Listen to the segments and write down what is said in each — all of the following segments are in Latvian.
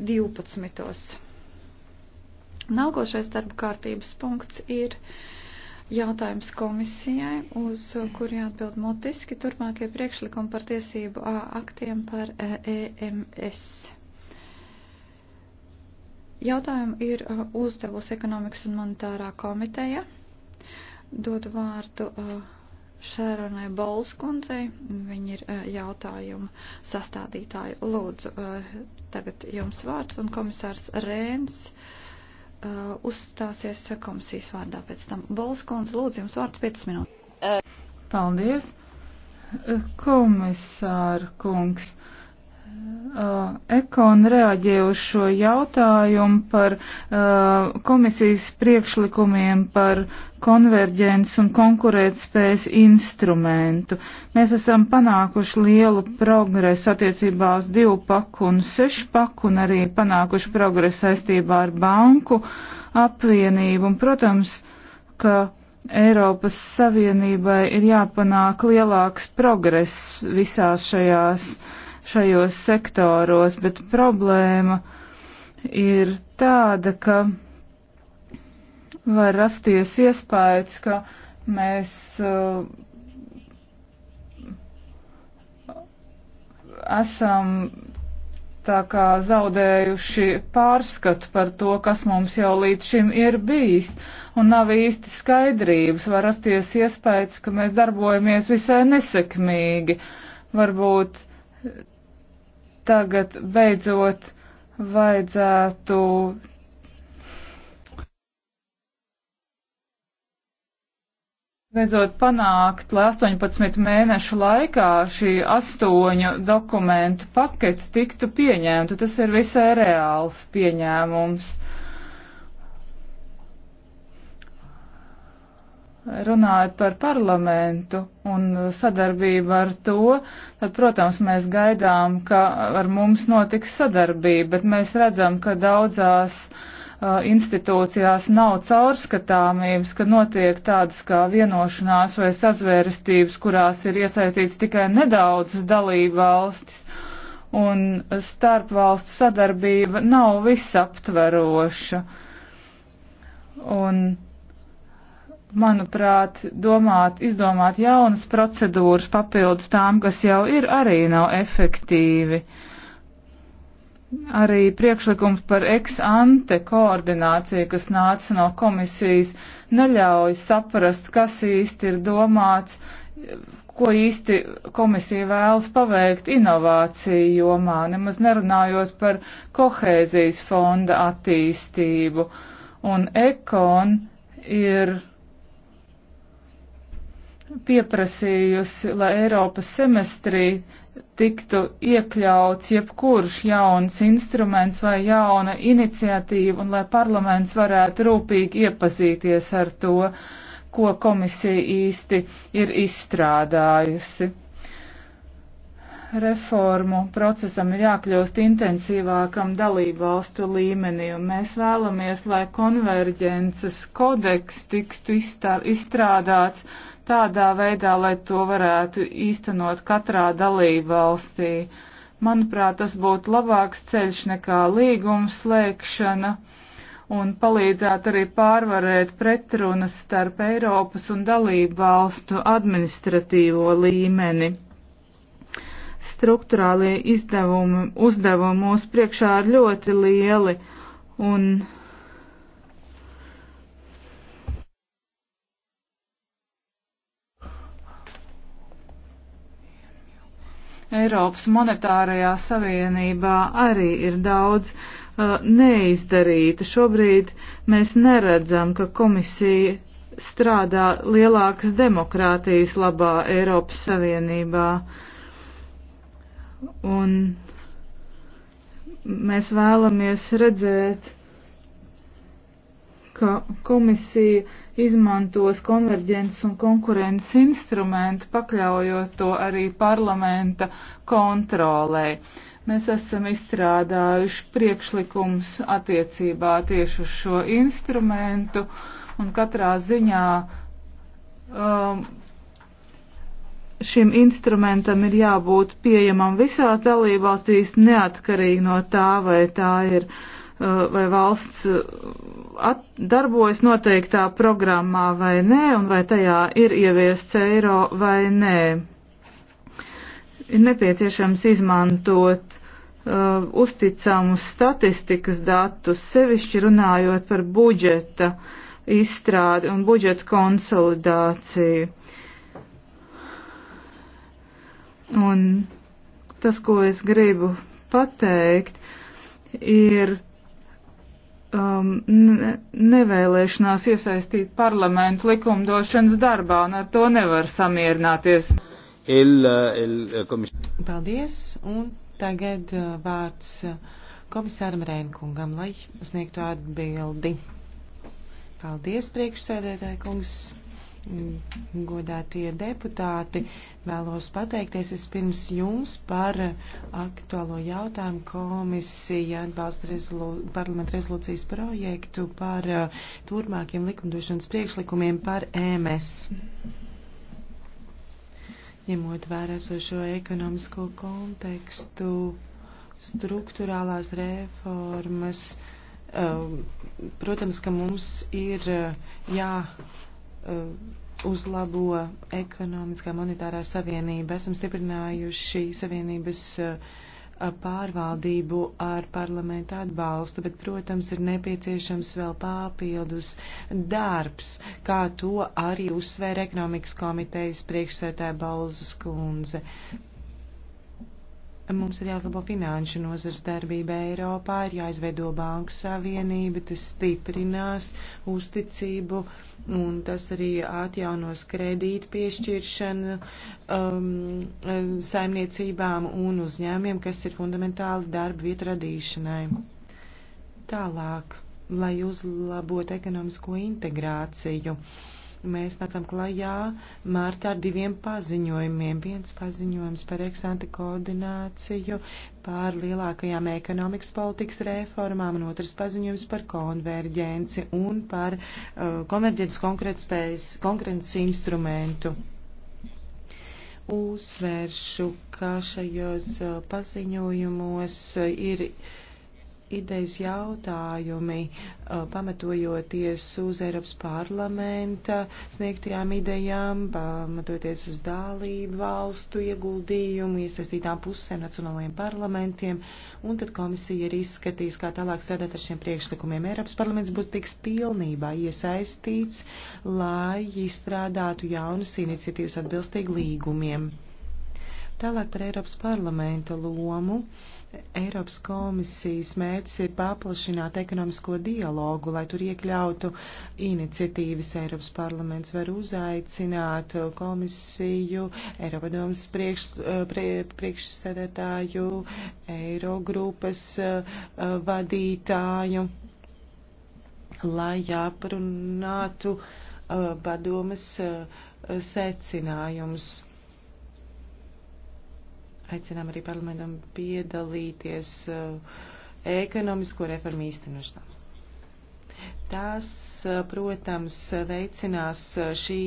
12. Nākošais darba kārtības punkts ir jautājums komisijai, uz kuru jāatbild mutiski turpmākie priekšlikumi par tiesību aktiem par EMS. E, Jautājumu ir e, uzdevusi ekonomikas un monetārā komiteja. Dodu vārdu uh, Šēronai Bolskundzei. Viņa ir eh, jautājuma sastādītāja. Lūdzu, eh, tagad jums vārds un komisārs Rēns eh, uzstāsies komisijas vārdā pēc tam. Bolskundze, lūdzu, jums vārds 5 minūtes. Paldies. Komisāra kungs. Uh, Ekon reaģē uz šo jautājumu par uh, komisijas priekšlikumiem par konverģents un konkurētspējas instrumentu. Mēs esam panākuši lielu progresu attiecībā uz divu paku un sešu paku un arī panākuši progresu saistībā ar banku apvienību. Un, protams, ka Eiropas Savienībai ir jāpanāk lielāks progress visās šajās uh, šajos sektoros, bet problēma ir tāda, ka var rasties iespējas, ka mēs uh, esam tā kā zaudējuši pārskatu par to, kas mums jau līdz šim ir bijis, un nav īsti skaidrības, var rasties iespējas, ka mēs darbojamies visai nesekmīgi. Varbūt tagad beidzot vajadzētu beidzot panākt, lai 18 mēnešu laikā šī astoņu dokumentu paketi tiktu pieņemta. Tas ir visai reāls pieņēmums. runājot par parlamentu un sadarbību ar to, tad, protams, mēs gaidām, ka ar mums notiks sadarbība, bet mēs redzam, ka daudzās uh, institūcijās nav caurskatāmības, ka notiek tādas kā vienošanās vai sazvērestības, kurās ir iesaistīts tikai nedaudzas dalība valstis, un starpvalstu sadarbība nav visaptveroša. Un, uh, manuprāt, domāt, izdomāt jaunas procedūras papildus tām, kas jau ir, arī nav efektīvi. Arī priekšlikums par ex-ante koordināciju, kas nāca no komisijas, neļauj saprast, kas īsti ir domāts, ko īsti komisija vēlas paveikt inovāciju jomā, nemaz nerunājot par kohēzijas fonda attīstību. Un ekon ir pieprasījusi, lai Eiropas semestrī tiktu iekļauts jebkurš jauns instruments vai jauna iniciatīva un lai parlaments varētu rūpīgi iepazīties ar to, ko komisija īsti ir izstrādājusi. Reformu procesam ir jākļūst intensīvākam dalībvalstu līmenī, un mēs vēlamies, lai konverģences kodeks tiktu izstrādāts tādā veidā, lai to varētu īstenot katrā dalībvalstī. Manuprāt, tas būtu labāks ceļš nekā līguma slēgšana un palīdzētu arī pārvarēt pretrunas starp Eiropas un dalību valstu administratīvo līmeni. Struktūrālie izdevumi, uzdevumi mūsu priekšā ir ļoti lieli un Eiropas monetārajā savienībā arī ir daudz uh, neizdarīta. Šobrīd mēs neredzam, ka komisija strādā lielākas demokrātijas labā Eiropas Savienībā. Un mēs vēlamies redzēt, ka komisija izmantos konverģences un konkurences instrumentu, pakļaujot to arī parlamenta kontrolē. Mēs esam izstrādājuši priekšlikums attiecībā tieši uz šo instrumentu un katrā ziņā um, šim instrumentam ir jābūt pieejamam visās dalībvalstīs, neatkarīgi no tā, vai tā ir uh, Eh, vai valsts eh, darbojas noteiktā programmā vai nē, un vai tajā ir ieviests eiro vai nē. Ir nepieciešams izmantot uh, uzticamus statistikas datus, sevišķi runājot par budžeta izstrādi un budžeta konsolidāciju. Un tas, ko es gribu pateikt, ir um, ne, nevēlēšanās iesaistīt parlamentu likumdošanas darbā, un ar to nevar samierināties. Il, il, eh, komis... Paldies, un tagad eh, vārds eh, komisāram Rēnkungam, lai sniegtu atbildi. Paldies, priekšsēdētāji kungs. Mm, godātie deputāti, vēlos pateikties vispirms jums par aktuālo jautājumu komisija atbalsta rezolu, parlamenta rezolūcijas projektu par uh, turmākiem likumdošanas priekšlikumiem par EMS. Ņemot vērā šo ekonomisko kontekstu, struktūrālās reformas, um, protams, ka mums ir uh, jā. Ja, Uh, uzlabo ekonomiskā monetārā savienība. Esam stiprinājuši savienības uh, pārvaldību ar parlamentu atbalstu, bet, protams, ir nepieciešams vēl papildus darbs, kā to arī uzsvēra ekonomikas komitejas priekšsētāja Balzas kundze. Mums ir jāuzlabo finanšu nozars darbība Eiropā, ir jāizveido banku savienība, tas stiprinās uzticību un tas arī atjaunos kredītu piešķiršanu um, saimniecībām un uzņēmiem, kas ir fundamentāli darba vietu radīšanai. Tālāk, lai uzlabotu ekonomisko integrāciju. Uh, Mēs nācām klajā mārtā ar diviem paziņojumiem. Viens paziņojums par eksanti koordināciju, pār lielākajām ekonomikas politikas reformām, un otrs paziņojums par konverģenci un par uh, konverģences konkurences instrumentu uzsvēršu, ka šajos uh, paziņojumos uh, ir idejas jautājumi, pamatojoties uz Eiropas parlamenta sniegtajām idejām, pamatojoties uz dalību valstu ieguldījumu, iesaistītām pusēm nacionālajiem parlamentiem, un tad komisija arī izskatīs, kā tālāk strādāt ar šiem priekšlikumiem. Eiropas parlaments būtu tiks pilnībā iesaistīts, lai izstrādātu jaunas iniciatīvas atbilstīgi līgumiem. Tālāk par Eiropas parlamenta lomu. Uh, Eiropas komisijas mērķis ir paplašināt ekonomisko dialogu, lai tur iekļautu iniciatīvas. Eiropas parlaments var uzaicināt komisiju, Eiropadomas priekš, prie, priekšsēdētāju, Eirogrupas eh, vadītāju, lai jāparunātu eh, padomas eh, secinājumus Aicinām arī parlamentam piedalīties eh, ekonomisko reformu īstenošanā. Tas, eh, protams, veicinās eh, šī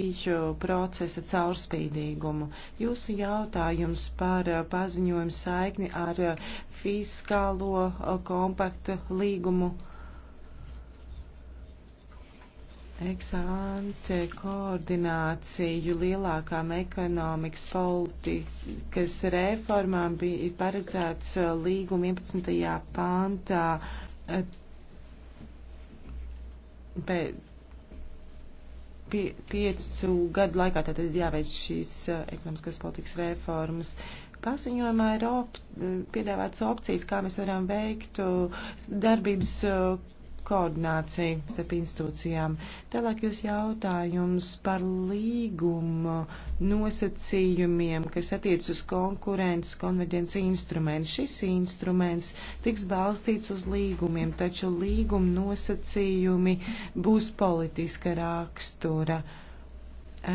procesa caurspīdīgumu. Jūsu jautājums par paziņojumu saikni ar fiskālo kompaktu līgumu Eksante koordināciju lielākām ekonomikas politikas reformām bija paredzēts eh, līguma 11. pāntā. Bet eh, pie, piecu gadu laikā tātad jāveic šīs eh, ekonomiskās politikas reformas. Paziņojumā ir op, piedāvāts opcijas, kā mēs varam veikt darbības koordināciju starp institūcijām. Tālāk jūs jautājums par līgumu nosacījumiem, kas attiec uz konkurences konverģences instrumentu. Šis instruments tiks balstīts uz līgumiem, taču līguma nosacījumi būs politiska rakstura.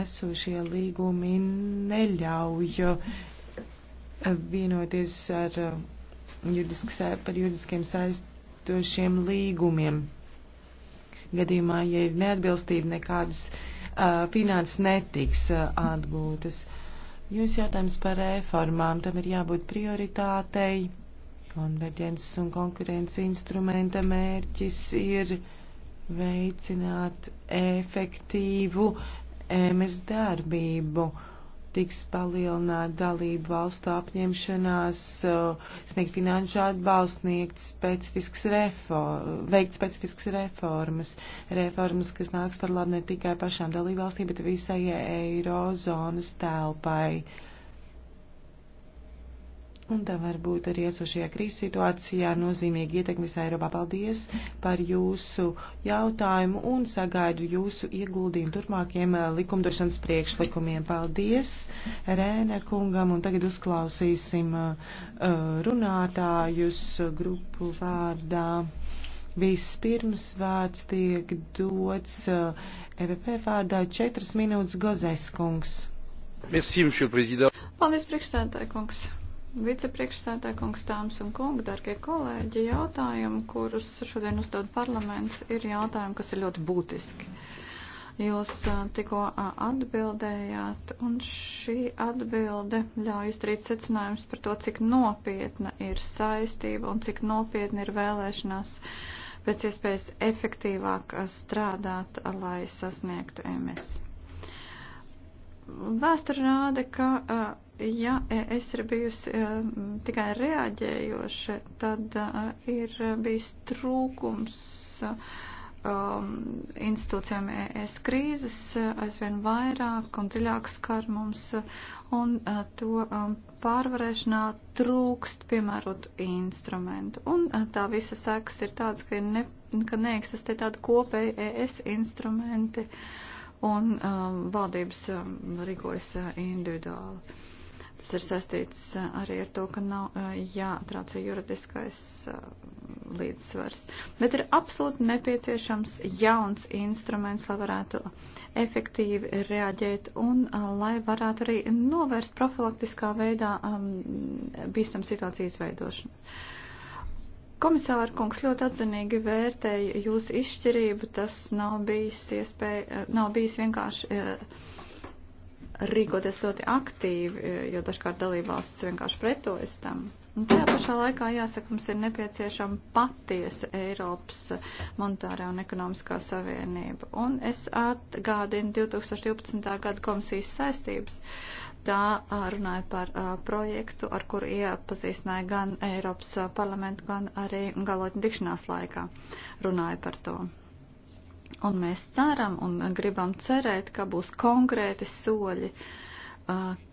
Esošie līgumi neļauj eh, vienoties ar eh, juridiski, par juridiskiem saistībām saistošiem eh, līgumiem. Gadījumā, ja ir neatbilstība, nekādas uh, finanses netiks uh, atgūtas. Jūs jautājums par reformām, tam ir jābūt prioritātei. Konverģences un konkurences instrumenta mērķis ir veicināt efektīvu MS darbību. Uh, tiks palielināta dalību valstu apņemšanās, eh, sniegt finanšu atbalstu, sniegt specifisks reform, veikt specifiskas reformas, reformas, kas nāks par labu ne tikai pašām dalību valstīm, bet visai eirozonas telpai. Uh, Un tā var būt arī esošajā krīzes situācijā nozīmīgi ietekmes Eiropā. Paldies par jūsu jautājumu un sagaidu jūsu ieguldījumu turpmākiem eh, likumdošanas priekšlikumiem. Paldies Rēne kungam un tagad uzklausīsim eh, runātājus grupu vārdā. Vispirms vārds tiek dots EVP eh, e vārdā 4 minūtes Gozeskungs. Merci, monsieur le président. Paldies, priekšsēdētāji kungs. Vicepriekšsētāja kungs, tāms un kungi, darbie kolēģi, jautājumi, kurus šodien uzdod parlaments, ir jautājumi, kas ir ļoti būtiski. Jūs tikko atbildējāt, un šī atbilde ļauj izdarīt secinājumus par to, cik nopietna ir saistība un cik nopietna ir vēlēšanās pēc iespējas efektīvāk strādāt, lai sasniegtu MS. Vēsture rāda, ka uh, ja es ir bijusi eh, tikai reaģējoša, tad eh, ir bijis trūkums eh, institūcijām ES krīzes aizvien vairāk un dziļāk skar mums, un to pārvarēšanā trūkst piemērot instrumentu. Un tā visa sekas ir tāds, ka, ne, ka neeksistē tādi kopēji ES instrumenti, un um, valdības um, rīkojas individuāli aspekts ir saistīts uh, arī ar to, ka nav uh, jāatrāca juridiskais uh, līdzsvars. Bet ir absolūti nepieciešams jauns instruments, lai varētu efektīvi reaģēt un lai varētu arī novērst profilaktiskā veidā um, bīstam situāciju izveidošanu. Komisāra kungs ļoti atzinīgi vērtēja jūsu izšķirību, tas nav bijis iespēja, nav bijis vienkārši. Uh, rīkoties ļoti aktīvi, e, jo dažkārt dalībvalsts vienkārši pretojas tam. Un tajā pašā laikā, jāsaka, mums ir nepieciešama patiesa Eiropas monetārā un ekonomiskā savienība. Un es atgādinu 2012. gada komisijas saistības. Tā runāja par a, projektu, ar kuru iepazīstināja gan Eiropas parlamentu, gan arī galotņu dikšanās laikā runāja par to. Un mēs ceram un gribam cerēt, ka būs konkrēti soļi,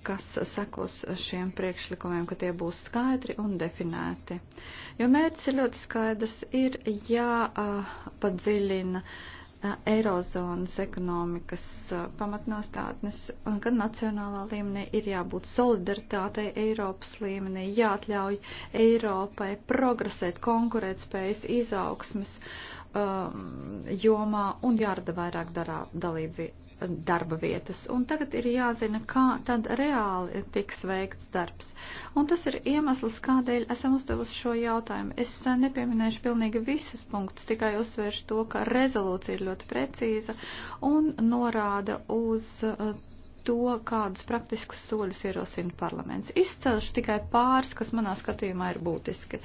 kas sekos šiem priekšlikumiem, ka tie būs skaidri un definēti. Jo mērķis ir ļoti skaidrs, ir jāpadziļina Eirozonas ekonomikas pamatnostādnes, un gan nacionālā līmenī ir jābūt solidaritātei Eiropas līmenī, jāatļauj Eiropai progresēt konkurētspējas izaugsmes Um, jomā un jārada vairāk darā, dalību, darba vietas. Un tagad ir jāzina, kā tad reāli tiks veikts darbs. Un tas ir iemesls, kādēļ esam uzdevusi šo jautājumu. Es uh, nepieminēšu pilnīgi visus punktus, tikai uzsvēršu to, ka rezolūcija ir ļoti precīza un norāda uz uh, to, kādus praktiskus soļus ierosina parlaments. Izcelšu tikai pāris, kas manā skatījumā ir būtiski.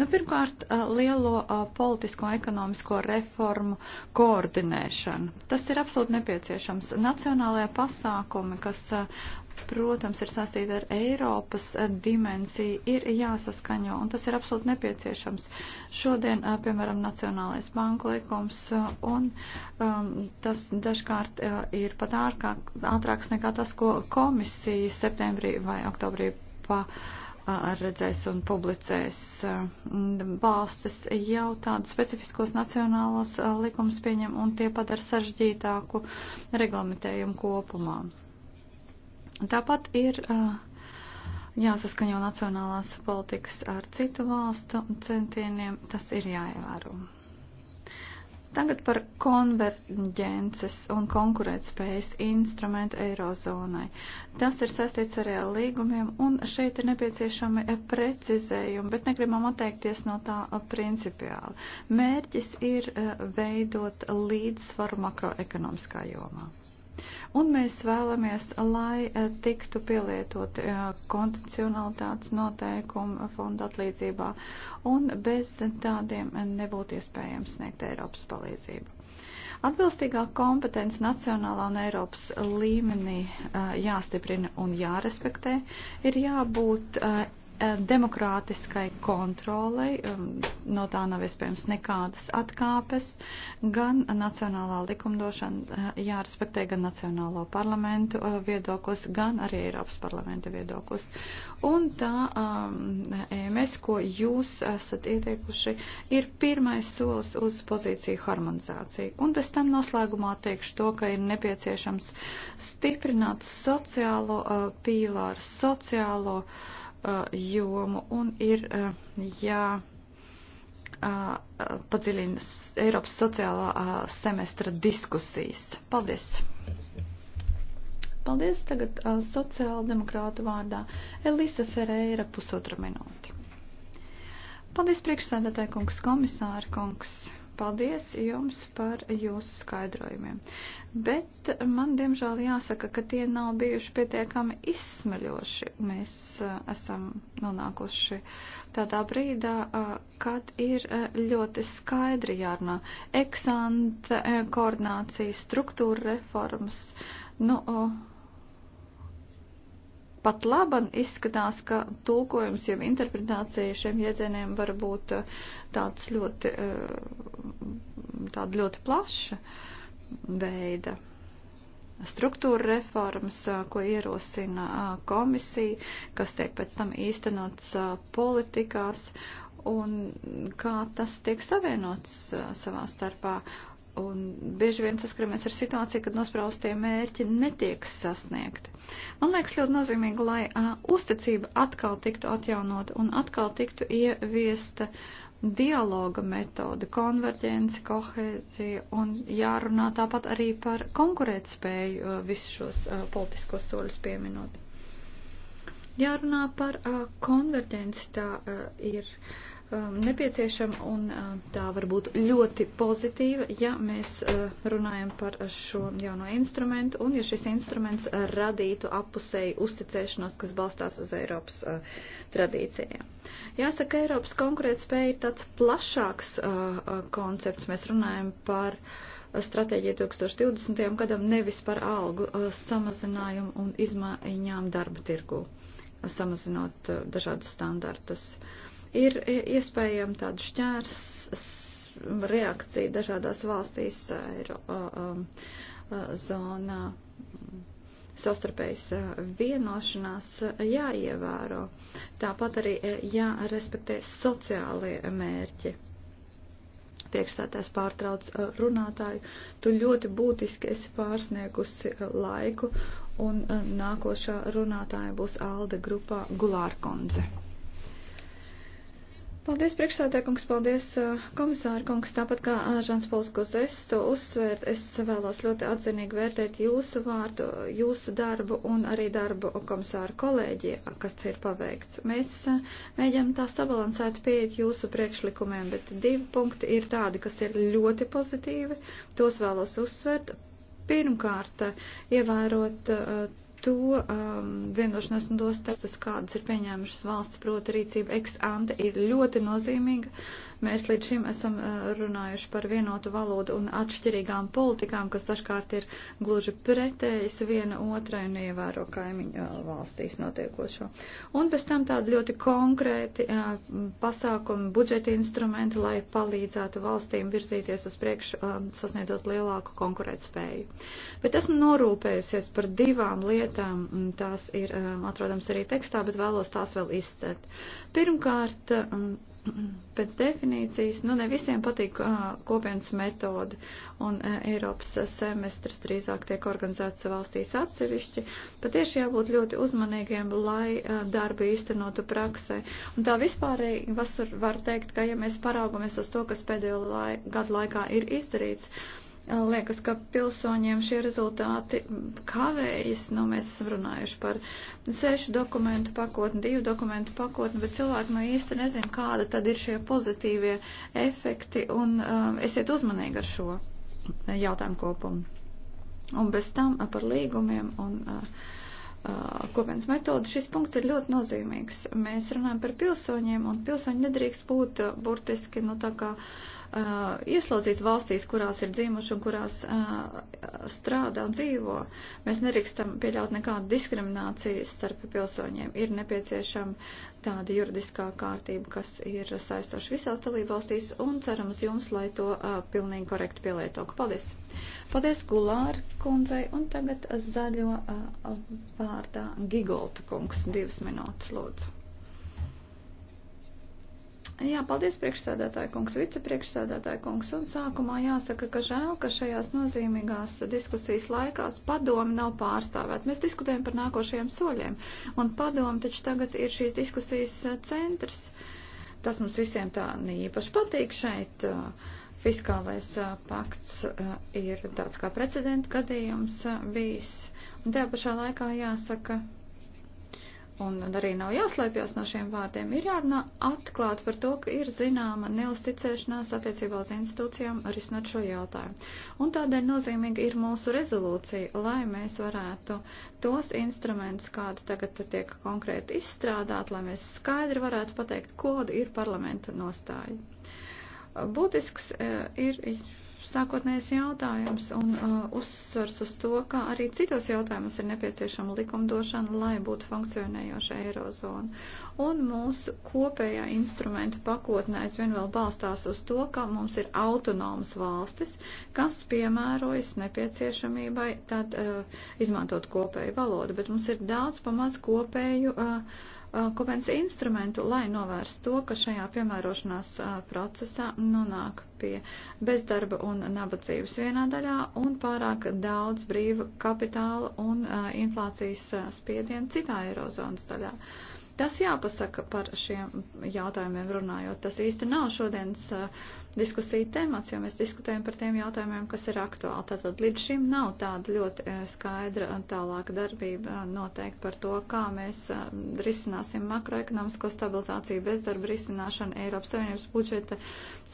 Nu, pirmkārt, lielo politisko un ekonomisko reformu koordinēšana. Tas ir absolūti nepieciešams. Nacionālajā pasākumi, kas protams, ir sastīta ar Eiropas eh, dimensiju, ir jāsaskaņo, un tas ir absolūti nepieciešams. Šodien, eh, piemēram, Nacionālais banku likums, eh, un um, tas dažkārt uh, ir pat ārkāk, ātrāks nekā tas, ko komisija septembrī vai oktobrī pa redzēs un publicēs valstis jau tādus specifiskos nacionālos likumus pieņem un tie padara sažģītāku reglamentējumu kopumā. Tāpat ir jāsaskaņo nacionālās politikas ar citu valstu centieniem, tas ir jāievēro. Tagad par konverģences un konkurētspējas instrumentu Eirozonai. Tas ir sastīts ar reāli līgumiem, un šeit ir nepieciešami precizējumi, bet negribam atteikties no tā principiāli. Mērķis ir veidot līdzsvaru makroekonomiskā jomā. Un mēs vēlamies, lai e, tiktu pielietot e, kondicionalitātes noteikumu fonda atlīdzībā, un bez tādiem nebūtu iespējams sniegt Eiropas palīdzību. Atbilstīgā kompetence nacionālā un Eiropas līmenī e, jāstiprina un jārespektē, ir jābūt Eh, demokrātiskai kontrolei, eh, no tā nav iespējams nekādas atkāpes, gan nacionālā likumdošana eh, jārespektē gan nacionālo parlamentu viedoklis, gan arī Eiropas parlamenta viedoklis. Un tā EMS, ko jūs esat ieteikuši, ir pirmais solis uz pozīciju harmonizāciju. Un bez tam noslēgumā teikšu to, ka ir nepieciešams stiprināt sociālo pīlāru, sociālo uh, Uh, jomu un ir uh, jā uh, padziļina Eiropas sociālā semestra diskusijas. Paldies! Paldies tagad sociāldemokrātu vārdā Elisa Ferreira pusotra minūte. Paldies priekšsēdētāji kungs, komisāri kungs. Paldies jums par jūsu skaidrojumiem. Bet man, diemžēl, jāsaka, ka tie nav bijuši pietiekami izsmeļoši. Mēs uh, esam nonākuši tādā brīdā, uh, kad ir uh, ļoti skaidri jārunā eksanta, uh, koordinācija, struktūra reformas. Nu, uh, pat laban izskatās, ka tulkojums, jeb interpretācija šiem jēdzieniem var būt eh, tāds ļoti, eh, tāda ļoti plaša veida. Struktūra reformas, eh, ko ierosina komisija, kas tiek pēc tam īstenots politikās un kā tas tiek savienots savā starpā un bieži vien saskaramies ar situāciju, kad nospraustie mērķi netiek sasniegti. Man liekas ļoti nozīmīgi, lai uh, uzticība atkal tiktu atjaunota un atkal tiktu ieviesta dialoga metode, konverģence, kohēzija un jārunā tāpat arī par konkurētspēju uh, visus šos uh, politiskos soļus pieminot. Jārunā par uh, konverģenci, tā uh, ir. Uh, Um, nepieciešama un uh, tā var būt ļoti pozitīva, ja mēs uh, runājam par šo jauno instrumentu un ja šis instruments uh, radītu apusēju uzticēšanos, kas balstās uz Eiropas tradīcijām. Jāsaka, Eiropas konkurētspēja ir tāds plašāks koncepts. Mēs runājam par stratēģiju 2020. gadam nevis par algu samazinājumu un izmaiņām darba tirgu, samazinot dažādus standartus. Uh, Ir iespējama tāda šķērs reakcija dažādās valstīs eiro zonā. Sastarpējas vienošanās jāievēro. Tāpat arī e, jārespektē sociālie mērķi priekšstātājs pārtrauc runātāju, tu ļoti būtiski esi pārsniegusi laiku, un nākošā runātāja būs Alde grupā Gulārkundze. Paldies, priekšsādākungs, paldies, uh, komisāra kungs, tāpat kā uh, Žans Polskos es to uzsvērt, es vēlos ļoti atzinīgi vērtēt jūsu vārdu, jūsu darbu un arī darbu komisāra kolēģija, kas ir paveikts. Mēs uh, mēģinām tā sabalansēt pieeja jūsu priekšlikumiem, bet divi punkti ir tādi, kas ir ļoti pozitīvi, tos vēlos uzsvērt. Pirmkārt, ievērot to um, vienošanos un dos testus, kādas ir pieņēmušas valsts, proti rīcība ex ante ir ļoti nozīmīga, Mēs līdz šim esam eh, runājuši par vienotu valodu un atšķirīgām politikām, kas dažkārt ir gluži pretējas viena otrai un ievēro kaimiņu eh, valstīs notiekošo. Un pēc tam tādi ļoti konkrēti eh, pasākumi, budžeta instrumenti, lai palīdzētu valstīm virzīties uz priekšu, sasniedzot lielāku konkurētspēju. Bet esmu norūpējusies par divām lietām, tās ir atrodams arī tekstā, bet vēlos tās vēl izcelt. Pirmkārt, mm, pēc definīcijas, nu ne visiem patīk uh, kopienas metode, un uh, Eiropas semestrs drīzāk tiek organizēts valstīs atsevišķi, pat tieši jābūt ļoti uzmanīgiem, lai uh, darbi īstenotu praksē. Un tā vispārīgi var teikt, ka ja mēs paraugamies uz to, kas pēdējo lai, gadu laikā ir izdarīts, uh, Liekas, ka pilsoņiem šie rezultāti kavējas, nu mēs esam runājuši par sešu dokumentu pakotni, divu dokumentu pakotni, bet cilvēki no nu īsti nezin, kāda tad ir šie pozitīvie efekti un um, esiet uzmanīgi ar šo jautājumu kopumu. Un bez tam uh, par līgumiem un uh, uh, kopienas metodu, šis punkts ir ļoti nozīmīgs. Mēs runājam par pilsoņiem, un pilsoņi nedrīkst būt uh, burtiski, nu, tā kā uh, uh, ieslodzīti valstīs, kurās ir dzīvojuši un kurās uh, strādā un dzīvo. Mēs nerikstam pieļaut nekādu diskrimināciju starp pilsoņiem. Ir nepieciešama tāda juridiskā kārtība, kas ir saistoša visās dalību valstīs un ceram uz jums, lai to uh, pilnīgi korekti pielietotu. Paldies! Paldies Gulāra kundzei un tagad zaļo uh, vārdā Gigolta kungs. Divas minūtes, lūdzu. Jā, paldies priekšsēdētāju kungs, vicepriekšsēdētāju kungs. Un sākumā jāsaka, ka žēl, ka šajās nozīmīgās diskusijas laikās padomi nav pārstāvēt. Mēs diskutējam par nākošajiem soļiem. Un padomi taču tagad ir šīs diskusijas eh, centrs. Tas mums visiem tā īpaši patīk šeit. Eh, fiskālais eh, pakts ir tāds kā precedenta gadījums bijis. Un tajā pašā laikā jāsaka, un arī nav jāslēpjas no šiem vārdiem, ir jārunā atklāt par to, ka ir zināma neusticēšanās attiecībā uz institūcijām arī snot šo jautājumu. Un tādēļ nozīmīgi ir mūsu rezolūcija, lai mēs varētu tos instrumentus, kādi tagad tiek konkrēti izstrādāt, lai mēs skaidri varētu pateikt, koda ir parlamenta nostāja. Būtisks eh, ir sākotnējais jautājums un uh, uzsvars uz to, ka arī citos jautājumos ir nepieciešama likumdošana, lai būtu funkcionējoša eirozona. Un mūsu kopējā instrumenta pakotnē aizvien vēl balstās uz to, ka mums ir autonomas valstis, kas piemērojas nepieciešamībai tad uh, izmantot kopēju valodu, bet mums ir daudz pamaz kopēju. Uh, Uh, kopienas instrumentu, lai novērstu to, ka šajā piemērošanās uh, procesā nonāk pie bezdarba un nabadzības vienā daļā un pārāk daudz brīva kapitāla un uh, inflācijas spiedienu citā eirozonas daļā. Tas jāpasaka par šiem jautājumiem runājot. Tas īsti nav šodienas uh, diskusiju temats, jo mēs diskutējam par tiem jautājumiem, kas ir aktuāli. Tātad līdz šim nav tāda ļoti e, skaidra e, tālāka darbība e, noteikti par to, kā mēs risināsim makroekonomisko stabilizāciju, bezdarba risināšanu, Eiropas Savienības budžeta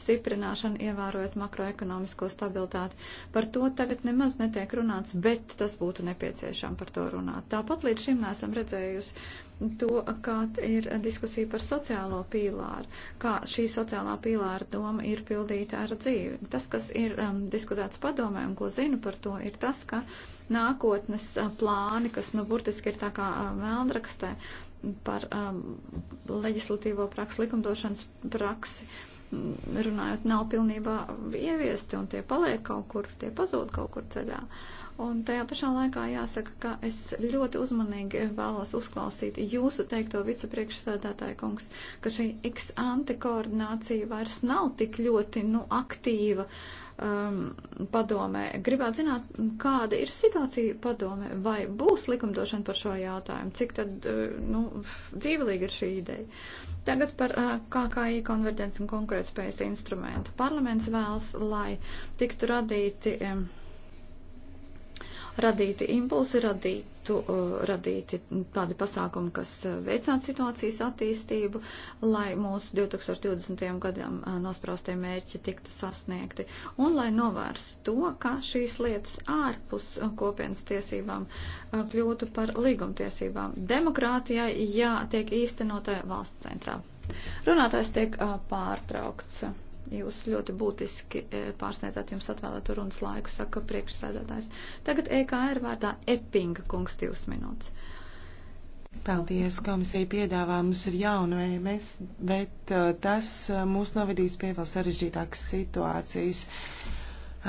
stiprināšanu, ievērojot makroekonomisko stabilitāti. Par to tagad nemaz netiek runāts, bet tas būtu nepieciešams par to runāt. Tāpat līdz šim neesam redzējusi to, kāda ir diskusija par sociālo pīlāru, kā šī sociālā pīlāra doma ir pildīta ar dzīvi. Tas, kas ir um, diskutēts padomē un ko zinu par to, ir tas, ka nākotnes uh, plāni, kas nu burtiski ir tā kā uh, mēlnrakstē par um, leģislatīvo praksi, likumdošanas praksi, mm, runājot, nav pilnībā ieviesti un tie paliek kaut kur, tie pazūd kaut kur ceļā. Uh, Un tajā pašā laikā jāsaka, ka es ļoti uzmanīgi vēlos uzklausīt jūsu teikto vicepriekšsēdētāju kungs, ka šī ex-ante koordinācija vairs nav tik ļoti nu, aktīva. Uh, um, padomē. Gribētu zināt, kāda ir situācija padomē, vai būs likumdošana par šo jautājumu, cik tad, uh, nu, dzīvelīga ir šī ideja. Tagad par uh, KKI konverģents un konkurētspējas instrumentu. Parlaments vēlas, lai tiktu radīti. Um, radīti impulsi, radītu, uh, radīti tādi pasākumi, kas uh, veicinātu situācijas attīstību, lai mūsu 2020. gadam uh, nospraustie mērķi tiktu sasniegti un lai novērstu to, ka šīs lietas ārpus kopienas tiesībām kļūtu par līgumtiesībām. Demokrātijai jātiek īstenotai valsts centrā. Runātājs tiek pārtraukts. Jūs ļoti būtiski e, pārsniedzāt jums atvēlēto runas laiku, saka priekšsēdētājs. Tagad EKR vārdā Epinga kungs divas minūtes. Paldies, komisija piedāvā mums ir jaunu EMS, bet e, tas e, mūs novedīs pie vēl sarežģītākas situācijas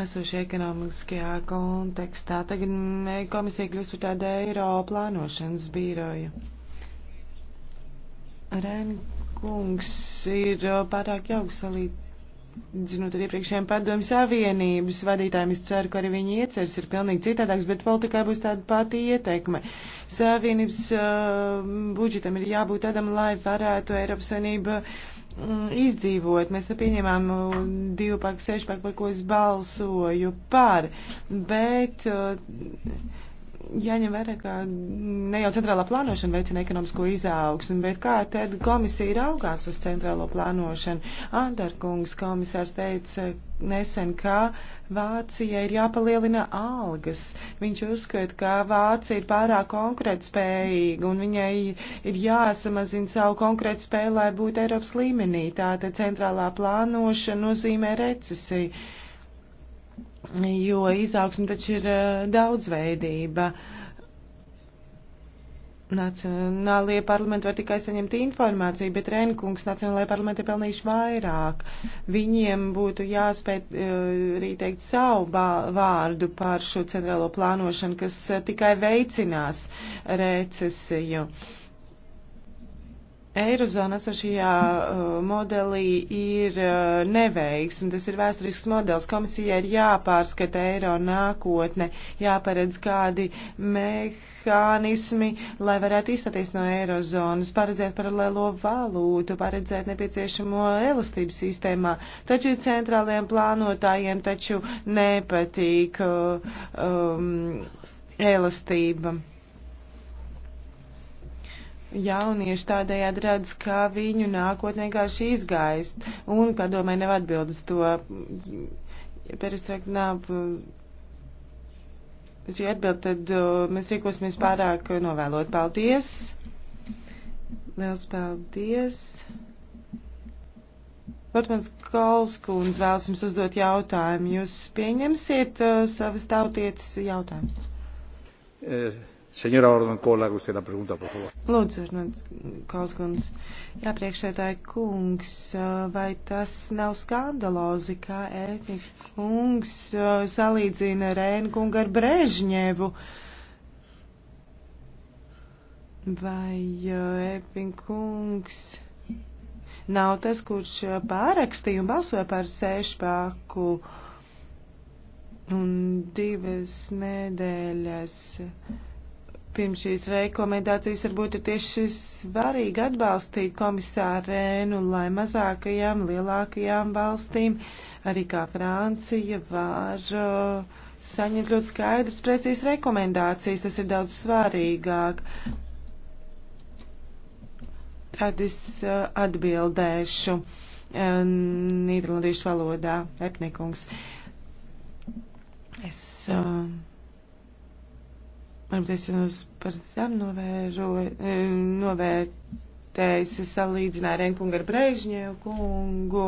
esošajā ekonomiskajā kontekstā. Tagad komisija kļūst par tādu eiro plānošanas bīroju. Rēn kungs ir pārāk jauks salīdzinājums zinot ar iepriekšējiem padomju savienības vadītājiem, es ceru, ka arī viņi ieceras ir pilnīgi citādāks, bet politikā būs tāda pati ieteikme. Savienības uh, budžetam ir jābūt tādam, lai varētu Eiropas savienība mm, izdzīvot. Mēs pieņemām uh, divu paku, sešu paku, par ko es balsoju par, bet. Uh, jāņem vērā, ka ne jau centrālā plānošana veicina ekonomisko izaugsmu, bet kā tad komisija raugās uz centrālo plānošanu? Andarkungs komisārs teica nesen, ka Vācija ir jāpalielina algas. Viņš uzskata, ka Vācija ir pārāk konkurētspējīga un viņai ir jāsamazina savu konkurētspēju, lai būtu Eiropas līmenī. Tātad centrālā plānošana nozīmē recesiju jo izaugsme taču ir eh, daudzveidība. Nacionālajie parlamenti var tikai saņemt informāciju, bet Renkungs Nacionālajie parlamenti ir pelnījuši vairāk. Viņiem būtu jāspēj eh, arī teikt savu vārdu par šo centrālo plānošanu, kas eh, tikai veicinās recesiju. Uh, Eirozonas šajā uh, modelī ir uh, neveiksme, tas ir vēsturisks modelis. Komisijai ir jāpārskata eiro nākotne, jāparedz kādi mehānismi, lai varētu izstaties no Eirozonas, paredzēt paralēlo valūtu, paredzēt nepieciešamo elastību sistēmā. Taču centrālajiem plānotājiem taču nepatīk uh, um, elastība jaunieši tādējādi redz, ka viņu nākotnē vienkārši izgājas un padomē nav atbildes to peristraktnāp. Eh, šī atbild, tad eh, mēs rīkosimies pārāk novēlot. Paldies! Liels paldies! Portmans Kalskundz vēlas jums uzdot jautājumu. Jūs pieņemsiet uh, savas tautietas jautājumu? Uh. Seņora Ordankola, jūs te la pregunta, por favor. Lūdzu, Arnolds Kausguns. Jā, priekšētāji kungs, vai tas nav skandalozi, kā ētni kungs uh, salīdzina Rēnu kungu ar Brežņevu? Vai Epin uh, kungs nav tas, kurš uh, pārakstīja un balsoja par sešpāku un divas nedēļas? Pirms šīs rekomendācijas varbūt ir tieši svarīgi atbalstīt komisārēnu, lai mazākajām, lielākajām valstīm, arī kā Francija, var uh, saņemt ļoti skaidrs, precīzs rekomendācijas. Tas ir daudz svarīgāk. Tad es uh, atbildēšu uh, nīderlandiešu valodā, Epnikungs. Es. Uh, Varbūt par zem novēro, eh, novērtējis, es salīdzināju Renkungu ar Brežņēvu kungu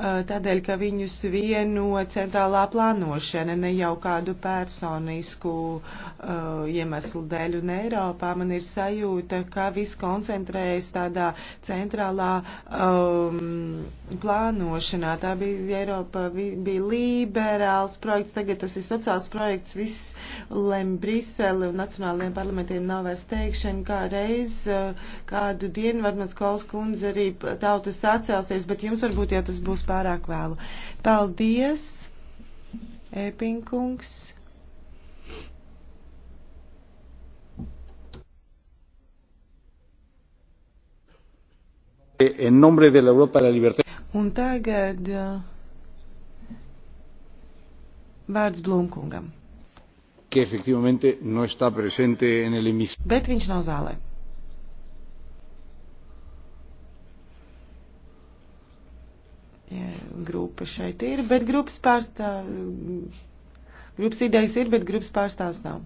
tādēļ, ka viņus vieno centrālā plānošana, ne jau kādu personisku uh, iemeslu dēļ. Un Eiropā man ir sajūta, ka viss koncentrējas tādā centrālā um, plānošanā. Tā bija Eiropa, bija liberāls projekts, tagad tas ir sociāls projekts, viss lem Brisele un nacionālajiem parlamentiem nav vairs teikšana, kā reiz uh, kādu dienu varbūt Skolas kundze arī tautas atcelsies, bet jums varbūt, ja tas būs pārāk vēlu. Paldies, Epinkungs. En nombre de la Europa de la Libertad. Un tagad uh, vārds Blūmkungam. Que efectivamente no está presente en el hemiciclo. Bet viņš nav zālē. ja, grupa šeit ir, bet grupas pārstāv, grupas idejas ir, bet grupas pārstāvs nav.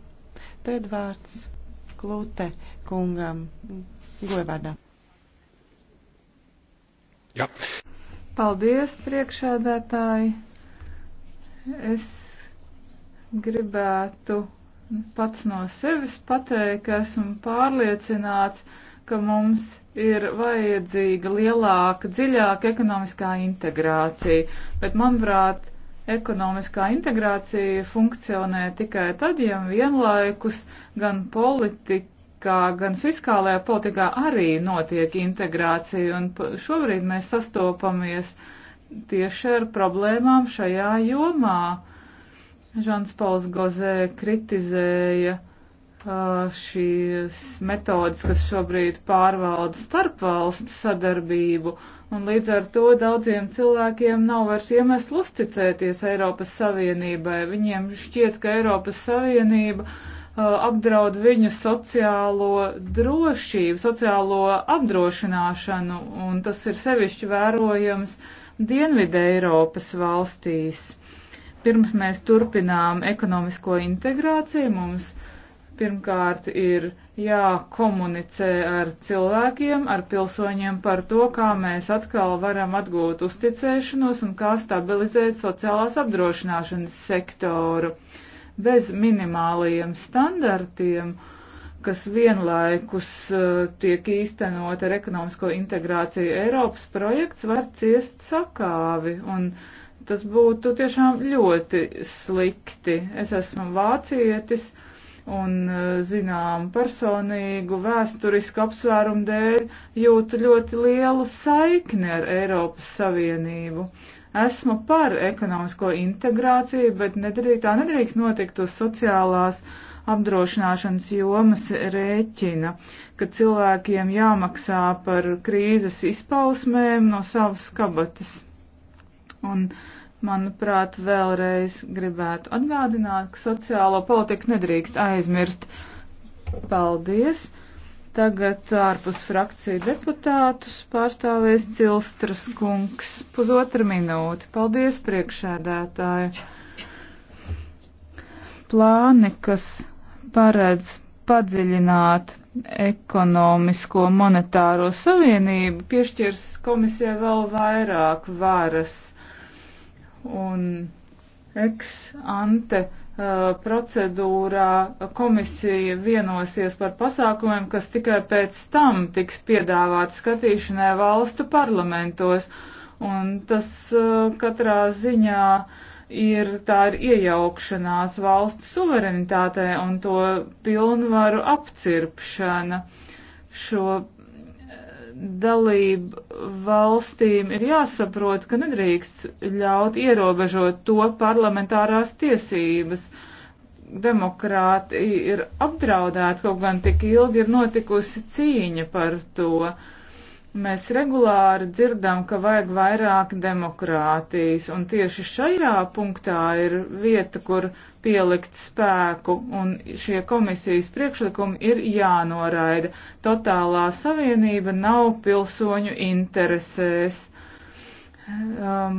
Tad vārds Klute kungam Gojvārdā. Jā. Paldies, priekšēdētāji. Es gribētu pats no sevis pateikt, ka esmu pārliecināts, ka mums ir vajadzīga lielāka, dziļāka ekonomiskā integrācija, bet, manuprāt, ekonomiskā integrācija funkcionē tikai tad, ja vienlaikus gan politikā, gan fiskālajā politikā arī notiek integrācija, un šobrīd mēs sastopamies tieši ar problēmām šajā jomā. Žans Pauls Gozē kritizēja šīs metodas, kas šobrīd pārvalda starpvalstu sadarbību, un līdz ar to daudziem cilvēkiem nav vairs iemesls uzticēties Eiropas Savienībai. Viņiem šķiet, ka Eiropas Savienība uh, apdraud viņu sociālo drošību, sociālo apdrošināšanu, un tas ir sevišķi vērojams Dienvidē Eiropas valstīs. Pirms mēs turpinām ekonomisko integrāciju, mums uh, Pirmkārt ir jākomunicē ar cilvēkiem, ar pilsoņiem par to, kā mēs atkal varam atgūt uzticēšanos un kā stabilizēt sociālās apdrošināšanas sektoru. Bez minimālajiem standartiem kas vienlaikus uh, tiek īstenot ar ekonomisko integrāciju Eiropas projekts, var ciest sakāvi. Un tas būtu tiešām ļoti slikti. Es esmu vācietis, un e, zinām personīgu vēsturisku apsvērumu dēļ jūtu ļoti lielu saikni ar Eiropas Savienību. Esmu par ekonomisko integrāciju, bet nedrīk, tā nedrīkst notikt uz sociālās apdrošināšanas jomas rēķina, ka cilvēkiem jāmaksā par krīzes izpausmēm no savas kabatas. Un, uh, manuprāt, vēlreiz gribētu atgādināt, ka sociālo politiku nedrīkst aizmirst. Paldies! Tagad ārpus frakciju deputātus pārstāvēs Cilstras kungs. Pusotra minūte. Paldies, priekšēdētāji! Plāni, kas paredz padziļināt ekonomisko monetāro savienību, piešķirs komisijai vēl vairāk varas un ex ante uh, procedūrā komisija vienosies par pasākumiem, kas tikai pēc tam tiks piedāvāt skatīšanai valstu parlamentos. Un tas uh, katrā ziņā ir tā ir iejaukšanās valstu suverenitātē un to pilnvaru apcirpšana. Šo dalību valstīm ir jāsaprot, ka nedrīkst ļaut ierobežot to parlamentārās tiesības. Demokrāti ir apdraudēti, kaut gan tik ilgi ir notikusi cīņa par to. Uh, Mēs regulāri dzirdam, ka vajag vairāk demokrātijas, un tieši šajā punktā ir vieta, kur pielikt spēku, un šie komisijas priekšlikumi ir jānoraida. Totālā savienība nav pilsoņu interesēs. Um,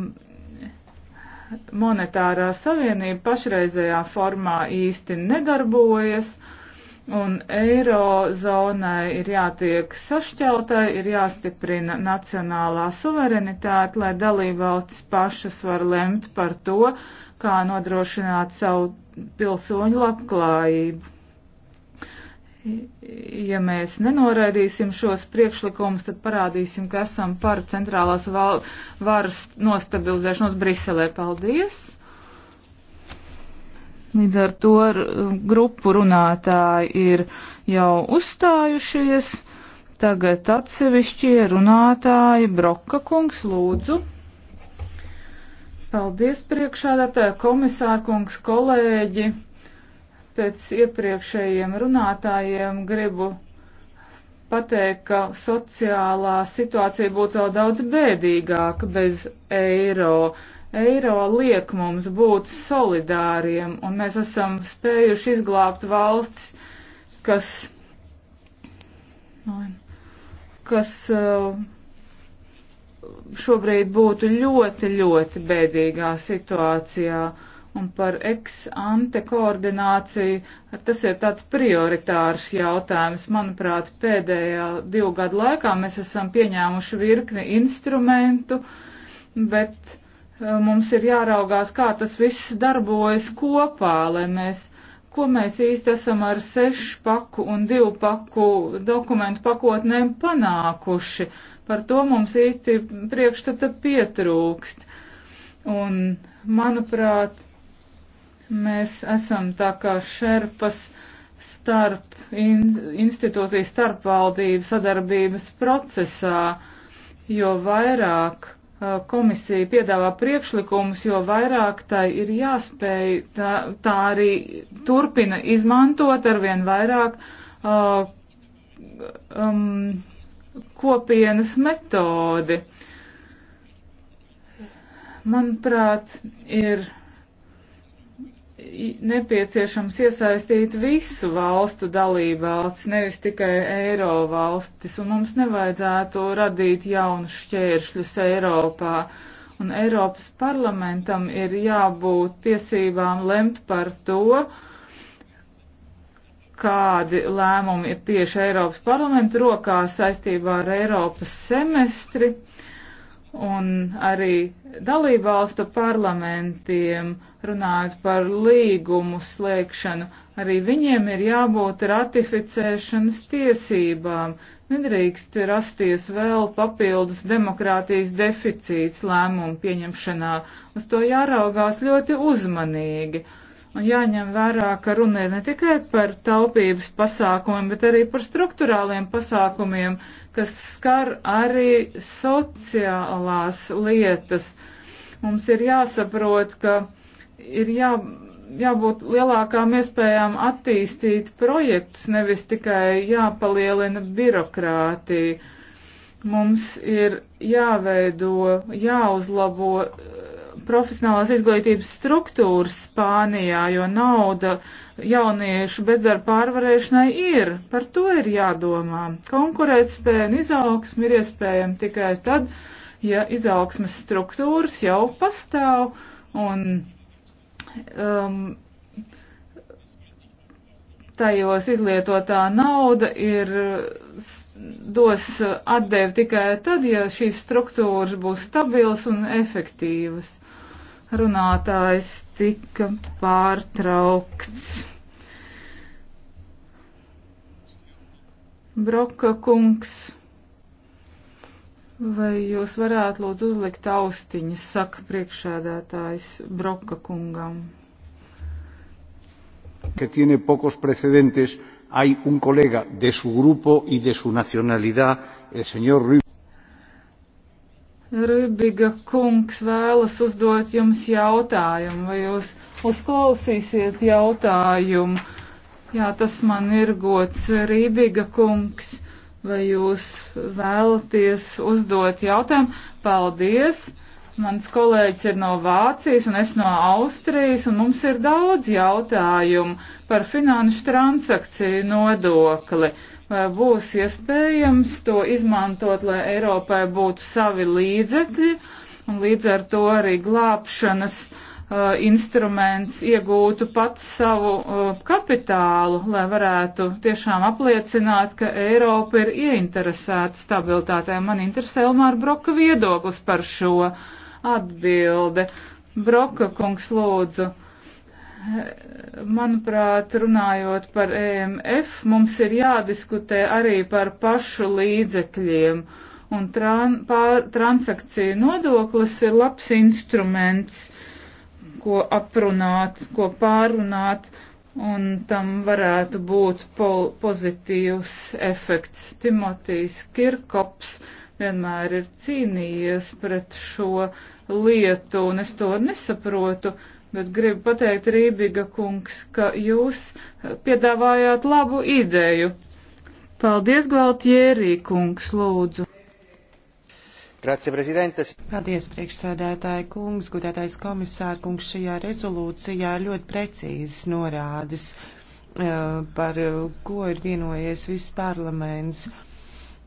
monetārā savienība pašreizējā formā īsti nedarbojas. Uh, un eirozonai ir jātiek sašķeltai, ir jāstiprina nacionālā suverenitāte, lai dalībvalstis pašas var lemt par to, kā nodrošināt savu pilsoņu labklājību. Ja mēs nenoraidīsim šos priekšlikumus, tad parādīsim, ka esam par centrālās val varas nostabilizēšanos Briselē. Paldies! Līdz ar to grupu runātāji ir jau uzstājušies. Tagad atsevišķie runātāji Broka kungs lūdzu. Paldies priekšādātāja komisārkungs, kolēģi. Pēc iepriekšējiem runātājiem gribu pateikt, ka sociālā situācija būtu vēl daudz bēdīgāka bez eiro Eiro liek mums būt solidāriem, un mēs esam spējuši izglābt valsts, kas, nu, kas uh, šobrīd būtu ļoti, ļoti bēdīgā situācijā. Un par ex-ante koordināciju, tas ir tāds prioritārs jautājums. Manuprāt, pēdējā divu gadu laikā mēs esam pieņēmuši virkni instrumentu, bet Eh, mums ir jāraugās, kā tas viss darbojas kopā, lai mēs, ko mēs īsti esam ar sešu paku un divu paku dokumentu pakotnēm panākuši. Par to mums īsti priekšstata pietrūkst. Un, manuprāt, mēs esam tā kā šerpas starp in, institūciju starpvaldību sadarbības procesā, jo vairāk komisija piedāvā priekšlikumus, jo vairāk tai ir jāspēj, tā, tā arī turpina izmantot arvien vairāk uh, um, kopienas metodi. Manuprāt, ir nepieciešams iesaistīt visu valstu dalībvalsts, nevis tikai eiro valstis, un mums nevajadzētu radīt jaunus šķēršļus Eiropā. Un Eiropas parlamentam ir jābūt tiesībām lemt par to, kādi lēmumi ir tieši Eiropas parlamentu rokā saistībā ar Eiropas semestri un arī dalībvalstu parlamentiem runājot par līgumu slēgšanu, arī viņiem ir jābūt ratificēšanas tiesībām. Nedrīkst rasties vēl papildus demokrātijas deficīts lēmumu pieņemšanā. Uz to jāraugās ļoti uzmanīgi. Un jāņem vērā, ka runa ir ne tikai par taupības pasākumiem, bet arī par struktūrāliem pasākumiem, kas skar arī sociālās lietas. Mums ir jāsaprot, ka ir jā, jābūt lielākām iespējām attīstīt projektus, nevis tikai jāpalielina birokrātija. Mums ir jāveido, jāuzlabo profesionālās izglītības struktūras Spānijā, jo nauda jauniešu bezdarba pārvarēšanai ir. Par to ir jādomā. Konkurētspēja un izaugsme ir iespējama tikai tad, ja izaugsmes struktūras jau pastāv un um, tajos izlietotā nauda ir dos atdevi tikai tad, ja šīs struktūras būs stabilas un efektīvas runātājs tika pārtraukts. Broka kungs, vai jūs varētu lūdzu uzlikt austiņas, saka priekšēdētājs Broka kungam. que tiene pocos precedentes hay un colega de su grupo y de su nacionalidad el señor Rubiga kungs vēlas uzdot jums jautājumu, vai jūs uzklausīsiet jautājumu? Jā, tas man ir gods, Rībiga kungs, vai jūs vēlaties uzdot jautājumu? Paldies! Mans kolēģis ir no Vācijas un es no Austrijas, un mums ir daudz jautājumu par finanšu transakciju nodokli. Vai būs iespējams to izmantot, lai Eiropai būtu savi līdzekļi, un līdz ar to arī glābšanas uh, instruments iegūtu pats savu uh, kapitālu, lai varētu tiešām apliecināt, ka Eiropa ir ieinteresēta stabilitātē. Man interesē Elmāra Broka viedoklis par šo. Uh, atbilde. Broka kungs lūdzu. Manuprāt, runājot par EMF, mums ir jādiskutē arī par pašu līdzekļiem, un tran pār, transakciju nodoklis ir labs instruments, ko aprunāt, ko pārunāt, un tam varētu būt pozitīvs efekts. Timotīs Kirkops vienmēr ir cīnījies pret šo lietu, un es to nesaprotu. Bet gribu pateikt, Rībiga kungs, ka jūs piedāvājāt labu ideju. Paldies, Galtjērī kungs, lūdzu. Grazie, prezidentes. Paldies, priekšsēdētāji kungs, gudētais komisār kungs šajā rezolūcijā ļoti precīzes norādes, eh, par eh, ko ir vienojies viss parlaments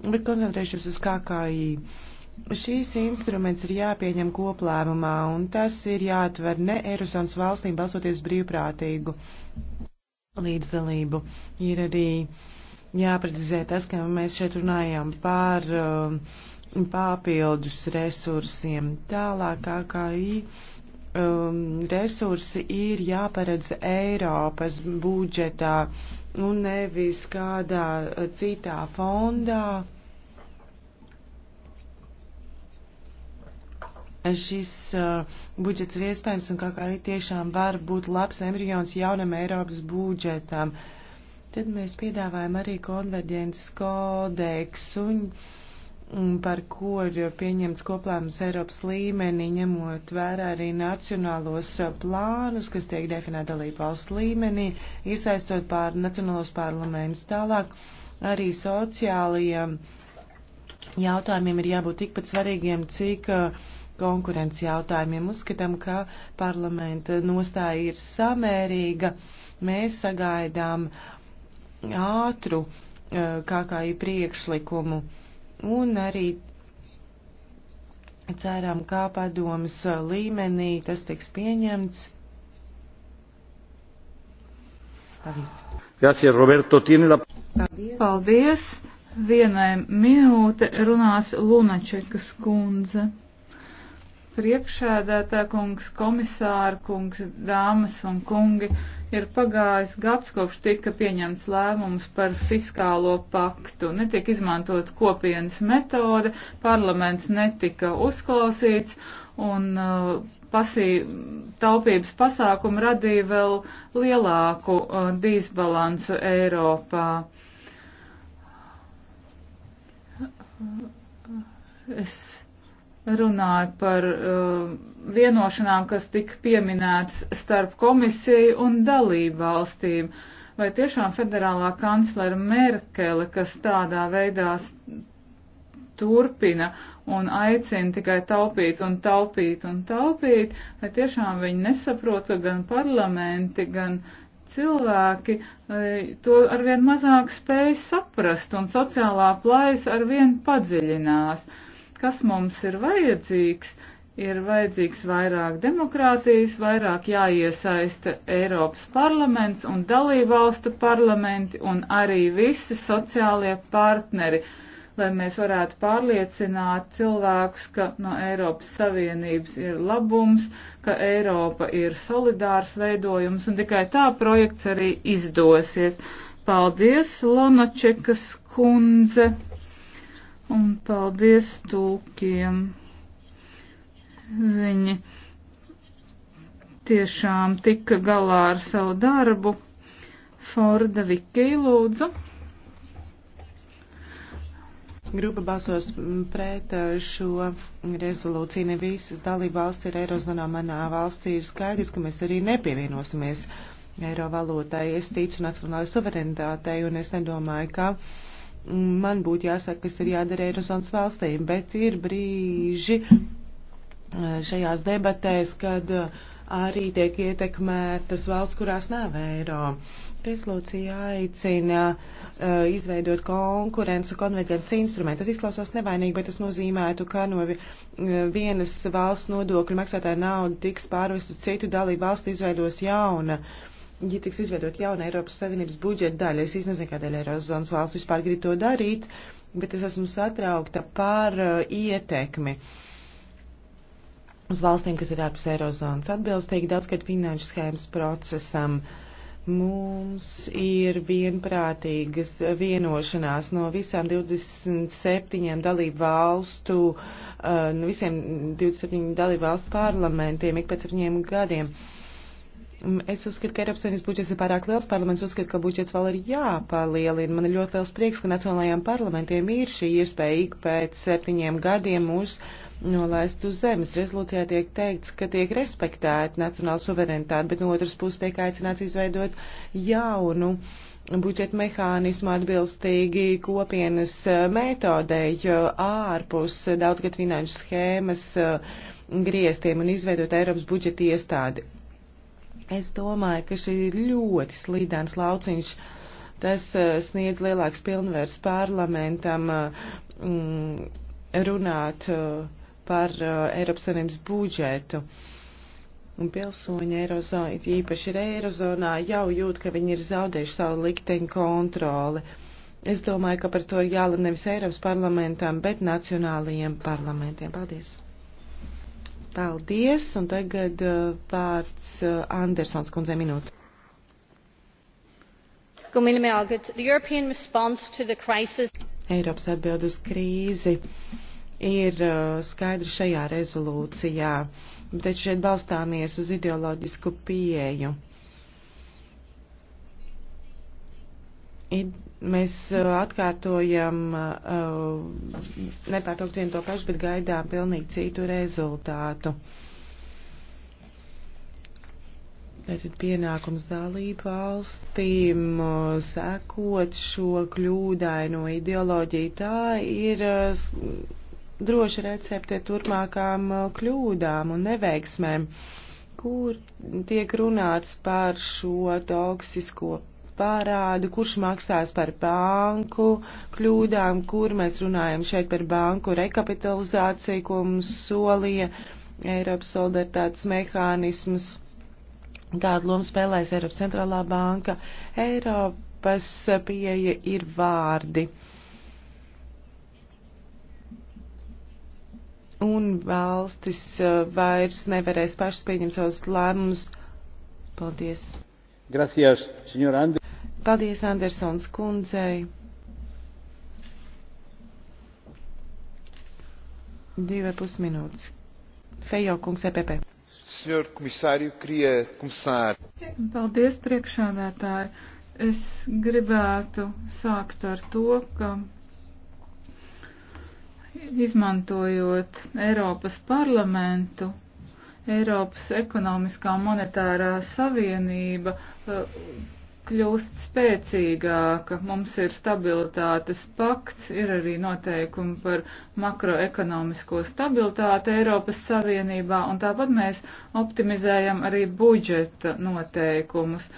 bet koncentrēšos uz KKI. Šīs instruments ir jāpieņem koplēmumā, un tas ir jāatver ne Eirozons valstīm balsoties brīvprātīgu līdzdalību. Ir arī jāprecizē tas, ka mēs šeit runājam par uh, papildus resursiem. Tālāk, kā, kā īstenībā um, resursi ir jāparedz Eiropas budžetā un nevis kādā citā fondā. Šis uh, budžets ir iespējams un kā arī tiešām var būt labs embrions jaunam Eiropas budžetam. Tad mēs piedāvājam arī konverģences kodeksu. Un, uh, par ko ir pieņemts koplēmums Eiropas līmenī, ņemot vērā arī nacionālos eh, plānus, kas tiek definēti dalību valsts līmenī, iesaistot pār nacionālos parlamentus tālāk, arī sociālajiem jautājumiem ir jābūt tikpat svarīgiem, cik eh, konkurences jautājumiem. Uzskatām, ka parlamenta nostāja ir samērīga. Mēs sagaidām ātru eh, KKI priekšlikumu un arī ceram, kā padomas līmenī tas tiks pieņemts. Paldies. Gracias, Roberto. Tiene la... Paldies. Paldies. Vienai minūte runās Lunačekas kundze. Priekšēdētā kungs, komisāra kungs, dāmas un kungi, Ir pagājis gads, kopš tika pieņemts lēmums par fiskālo paktu. Netiek izmantot kopienas metode, parlaments netika uzklausīts un uh, pasī, taupības pasākumu radīja vēl lielāku uh, disbalansu Eiropā. Es runāja par uh, vienošanām, kas tika pieminēts starp komisiju un dalību valstīm. Vai tiešām federālā kanclera Merkele, kas tādā veidā turpina un aicina tikai taupīt un taupīt un taupīt, vai tiešām viņi nesaprot, ka gan parlamenti, gan cilvēki to arvien mazāk spēj saprast un sociālā plaisa arvien padziļinās. Uh, kas mums ir vajadzīgs. Ir vajadzīgs vairāk demokrātijas, vairāk jāiesaista Eiropas parlaments un dalībvalstu parlamenti un arī visi sociālie partneri, lai mēs varētu pārliecināt cilvēkus, ka no Eiropas Savienības ir labums, ka Eiropa ir solidārs veidojums un tikai tā projekts arī izdosies. Paldies, Lonačekas kundze! un paldies tūkiem. Viņi tiešām tika galā ar savu darbu. Forda Vikija lūdzu. Grupa balsos pret uh, šo rezolūciju. Ne visas dalība valsts ir Eirozonā. Manā valstī ir skaidrs, ka mēs arī nepievienosimies eiro valūtai. Es ticu nacionālajai suverenitātei un es nedomāju, ka man būtu jāsaka, kas ir jādara Eirozonas valstīm, bet ir brīži eh, šajās debatēs, kad eh, arī tiek ietekmētas valsts, kurās nav eiro. Rezolūcija aicina uh, izveidot konkurences konverģences instrumentu. Tas izklausās nevainīgi, bet tas nozīmētu, ka no vienas valsts nodokļu maksātāja nauda tiks pārvest uz citu dalību valstu, izveidos jauna uh, ja tiks izveidot jauna Eiropas Savienības budžeta daļa, es īsti nezinu, kādēļ Eirozonas valsts vispār grib to darīt, bet es esmu satraukta par uh, ietekmi uz valstīm, kas ir ārpus Eirozonas atbilstīgi daudzgad finanšu schēmas procesam. Mums ir vienprātīgas vienošanās no visām 27 dalību valstu, uh, no visiem 27 dalību valstu parlamentiem ik pēc 7 gadiem. Uh, Es uzskatu, ka Eiropas Savienības budžets ir pārāk liels. Parlaments uzskata, ka budžets vēl ir jāpalielina. Man ir ļoti liels prieks, ka nacionālajiem parlamentiem ir šī iespēja ik pēc septiņiem gadiem mūs nolaist uz zemes. Rezolūcijā tiek teikts, ka tiek respektēta nacionāla suverenitāte, bet no otras puses tiek aicināts izveidot jaunu budžeta mehānismu atbilstīgi kopienas metodei ārpus daudzgad finanšu schēmas griestiem un izveidot Eiropas budžeta iestādi. Es domāju, ka šī ir ļoti slīdēns lauciņš. Tas uh, sniedz lielāks pilnvērs parlamentam eh, mm, runāt eh, par Eiropas Savienības budžetu. Un pilsoņi Eirozonā, īpaši ir Eirozonā, jau jūt, ka viņi ir zaudējuši savu likteņu kontroli. Es domāju, ka par to ir jālemj nevis Eiropas parlamentam, bet nacionālajiem parlamentiem. Paldies! Paldies, un tagad uh, vārds uh, Andersons kundzei minūte. Eiropas atbild uz krīzi ir uh, skaidri šajā rezolūcijā, taču šeit balstāmies uz ideoloģisku pieeju. Id mēs atkārtojam nepārtraukt vienu to pašu, bet gaidām pilnīgi citu rezultātu. Tātad pienākums dalību valstīm sekot šo kļūdaino ideoloģiju. Tā ir droša recepte turpmākām kļūdām un neveiksmēm, kur tiek runāts par šo toksisko parādu, kurš maksās par banku kļūdām, kur mēs runājam šeit par banku rekapitalizāciju, ko mums solīja Eiropas solidaritātes mehānismus, kādu lomu spēlēs Eiropas centrālā banka. Eiropas pieeja ir vārdi. un valstis uh, vairs nevarēs pašas pieņemt savus lēmumus. Paldies! Gracias, senor Andri. Paldies Andersons kundzei. Divi pus minūtes. Fejo kungs EPP. Senhor komisāri, queria começar. Paldies priekšādātāji. Es gribētu sākt ar to, ka izmantojot Eiropas parlamentu, Eiropas ekonomiskā monetārā savienība eh, kļūst spēcīgāka. Mums ir stabilitātes pakts, ir arī noteikumi par makroekonomisko stabilitāti Eiropas Savienībā, un tāpat mēs optimizējam arī budžeta noteikumus.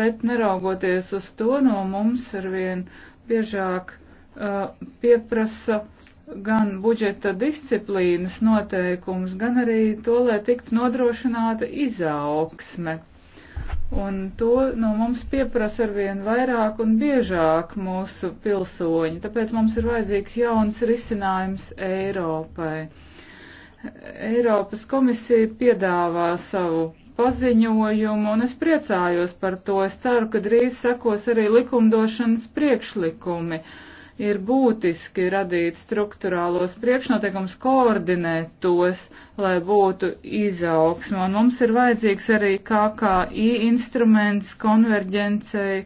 Bet neraugoties uz to, no mums arvien biežāk uh, pieprasa gan budžeta disciplīnas noteikums, gan arī to, lai tiktu nodrošināta izaugsme Un to no mums pieprasa ar vien vairāk un biežāk mūsu pilsoņi, tāpēc mums ir vajadzīgs jauns risinājums Eiropai. Eiropas komisija piedāvā savu paziņojumu, un es priecājos par to. Es ceru, ka drīz sekos arī likumdošanas priekšlikumi. Uh, ir būtiski radīt struktūrālos priekšnoteikums, koordinēt tos, lai būtu izaugsme. Un mums ir vajadzīgs arī KKI instruments konverģencei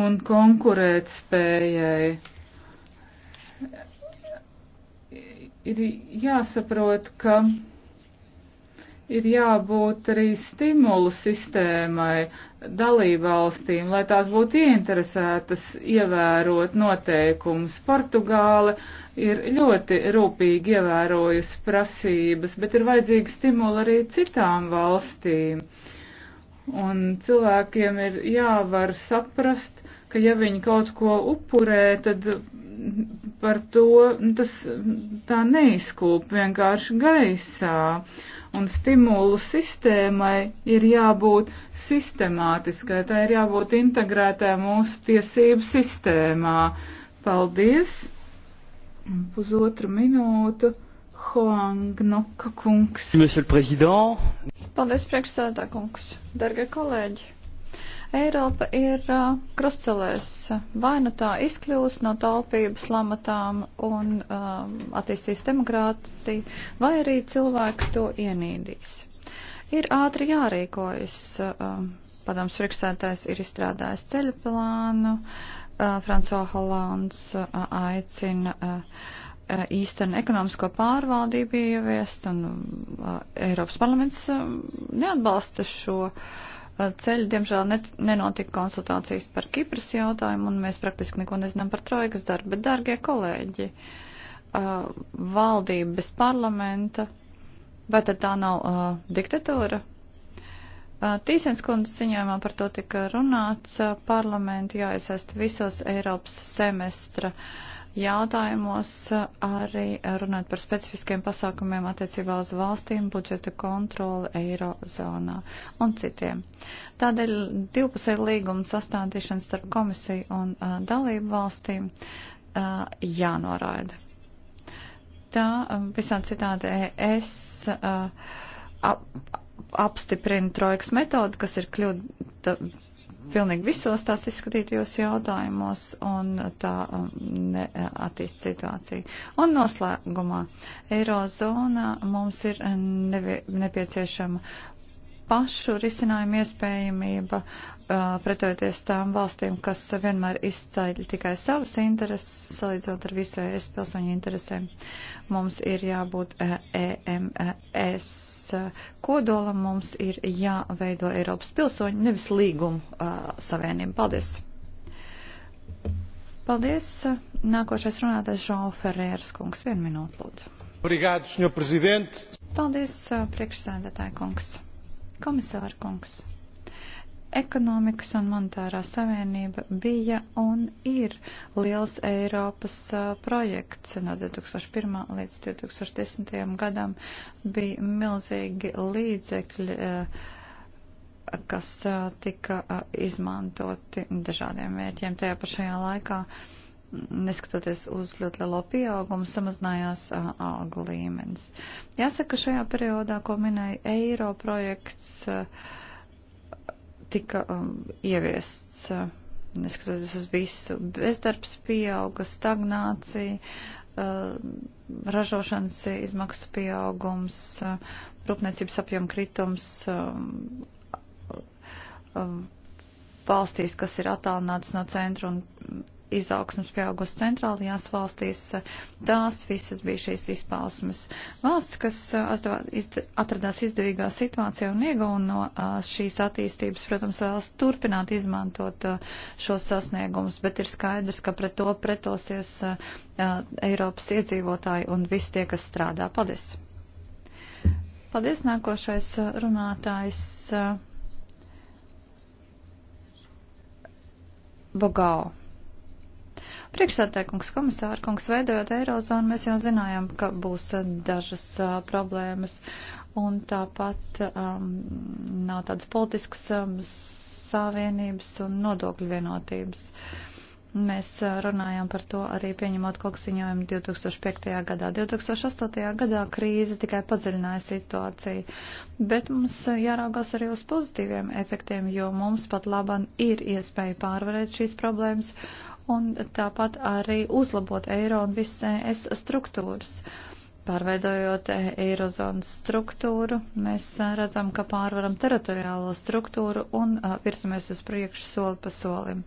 un konkurētspējai. Ir jāsaprot, ka ir jābūt arī stimulu sistēmai dalībvalstīm, lai tās būtu ieinteresētas ievērot noteikumus. Portugāle ir ļoti rūpīgi ievērojusi prasības, bet ir vajadzīgi stimuli arī citām valstīm. Un cilvēkiem ir jāvar saprast, ka ja viņi kaut ko upurē, tad par to tas tā neizkūp vienkārši gaisā. Uh, un stimulu sistēmai ir jābūt sistemātiskai, tā ir jābūt integrētā mūsu tiesību sistēmā. Paldies! Pusotru minūtu. Hoangnoka kungs. Monsieur le Président. Paldies, priekšsēdā kungs. Dargie kolēģi. Eiropa ir uh, krustcelēs. Vai nu tā izkļūs no taupības lamatām un um, attīstīs demokrātiju, vai arī cilvēki to ienīdīs. Ir ātri jārīkojas. Um, Padoms priekšsētājs ir izstrādājis ceļu plānu. Uh, Franco Hollands uh, aicina. Uh, īstenu ekonomisko pārvaldību ieviest, un Eiropas parlaments neatbalsta šo uh, ceļu. Diemžēl net, nenotika konsultācijas par Kipras jautājumu, un mēs praktiski neko nezinām par trojkas darbu. Bet, dārgie kolēģi, valdība bez parlamenta, vai tad tā nav diktatūra? Tīsens kundzes ziņojumā par to tika runāts, parlamentu jāiesaist visos Eiropas semestra uh, jautājumos arī runāt par specifiskiem pasākumiem attiecībā uz valstīm, budžeta kontroli eirozonā un citiem. Tādēļ divpusēja līguma sastādīšana starp komisiju un uh, dalību valstīm uh, jānoraida. Tā visā citādi es uh, ap, apstiprinu trojkas metodu, kas ir kļūda pilnīgi visos tās izskatītajos jautājumos un tā um, attīst situāciju. Un noslēgumā Eirozonā mums ir nevi, nepieciešama pašu risinājumu iespējamība pretojoties tām valstīm, kas vienmēr izceļ tikai savas intereses, salīdzinot ar visu ES pilsoņu interesēm. Mums ir jābūt EMS kodolam, mums ir jāveido Eiropas pilsoņu, nevis līgumu savienību. Paldies! Paldies! Nākošais runātais Žao Ferēras kungs. Vienu minūtu, lūdzu. Obrigado, senhor presidente. Paldies, priekšsēdētāji kungs. Komisāra kungs, ekonomikas un monetārā savienība bija un ir liels Eiropas projekts. No 2001. līdz 2010. gadam bija milzīgi līdzekļi kas tika izmantoti dažādiem mērķiem tajā pašajā laikā. Uh, neskatoties uz ļoti lielo pieaugumu, samazinājās a, algu līmenis. Jāsaka, šajā periodā, ko minēja eiro projekts, a, tika a, um, ieviests, a, neskatoties uz visu. Bezdarbs pieauga, stagnācija, a, ražošanas izmaksu pieaugums, a, rūpniecības apjoma kritums. A, a, valstīs, kas ir attālināts no centra un izaugsmas pieaugusi centrālajās valstīs. Tās visas bija šīs izpausmes. Valsts, kas uh, atradās izdevīgā situācijā un iegūna no uh, šīs attīstības, protams, vēlas turpināt izmantot uh, šos sasniegumus, bet ir skaidrs, ka pret to pretosies Eiropas iedzīvotāji un visi tie, kas strādā. Paldies! Paldies, nākošais runātājs. Bogao. Priekšsētēkungs komisāra kungs veidojot Eirozonu, mēs jau zinājām, ka būs eh, dažas uh, problēmas un tāpat um, nav tādas politiskas um, savienības un nodokļu vienotības. Mēs uh, runājām par to arī pieņemot koksiņojumu 2005. gadā. 2008. gadā krīze tikai padziļināja situāciju, bet mums jāraugās arī uz pozitīviem efektiem, jo mums pat laban ir iespēja pārvarēt šīs problēmas un tāpat arī uzlabot eiro un visas struktūras. Pārveidojot eirozonas struktūru, mēs redzam, ka pārvaram teritoriālo struktūru un virsamies uz priekšu soli pa solim.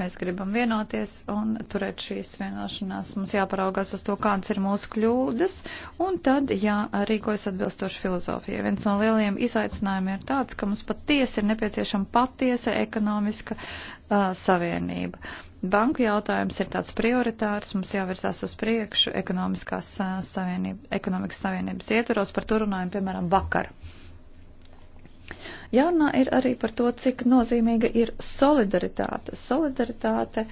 Mēs gribam vienoties un turēt šīs vienošanās. Mums jāparaugās uz to, kādas ir mūsu kļūdas, un tad jārīkojas atbilstoši filozofijai. Viens no lielajiem izaicinājumiem ir tāds, ka mums patiesi ir nepieciešama patiesa ekonomiska uh, savienība. Banku jautājums ir tāds prioritārs, mums jāvirzās uz priekšu ekonomiskās savienība, ekonomikas savienības ietvaros, par to runājam, piemēram, vakar. Jārunā ir arī par to, cik nozīmīga ir solidaritāte. Solidaritāte,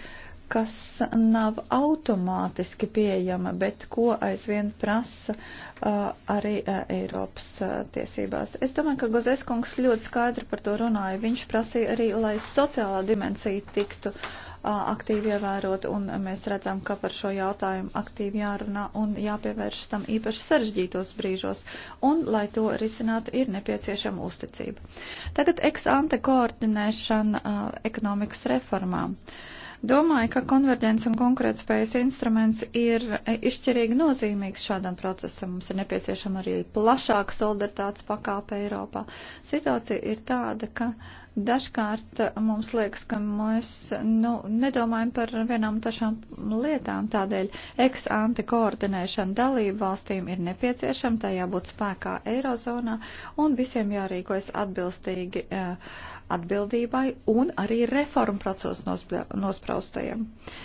kas nav automātiski pieejama, bet ko aizvien prasa uh, arī uh, Eiropas uh, tiesībās. Es domāju, ka Gozeskungs ļoti skaidri par to runāja. Viņš prasīja arī, lai sociālā dimensija tiktu uh, aktīvi ievērot, un mēs redzam, ka par šo jautājumu aktīvi jārunā un jāpievērš tam īpaši sarežģītos brīžos, un, lai to risinātu, ir nepieciešama uzticība. Tagad ex-ante koordinēšana uh, ekonomikas reformām. Domāju, ka konverģents un konkurētspējas instruments ir e, izšķirīgi nozīmīgs šādam procesam. Mums ir nepieciešama arī plašāka solidaritātes pakāpe Eiropā. Situācija ir tāda, ka uh, Dažkārt mums liekas, ka mēs nu, nedomājam par vienām tašām lietām, tādēļ ex-ante koordinēšana dalību valstīm ir nepieciešama, tā jābūt spēkā Eirozonā un visiem jārīkojas atbilstīgi eh, atbildībai un arī reformu procesu nospraustajiem. Uh,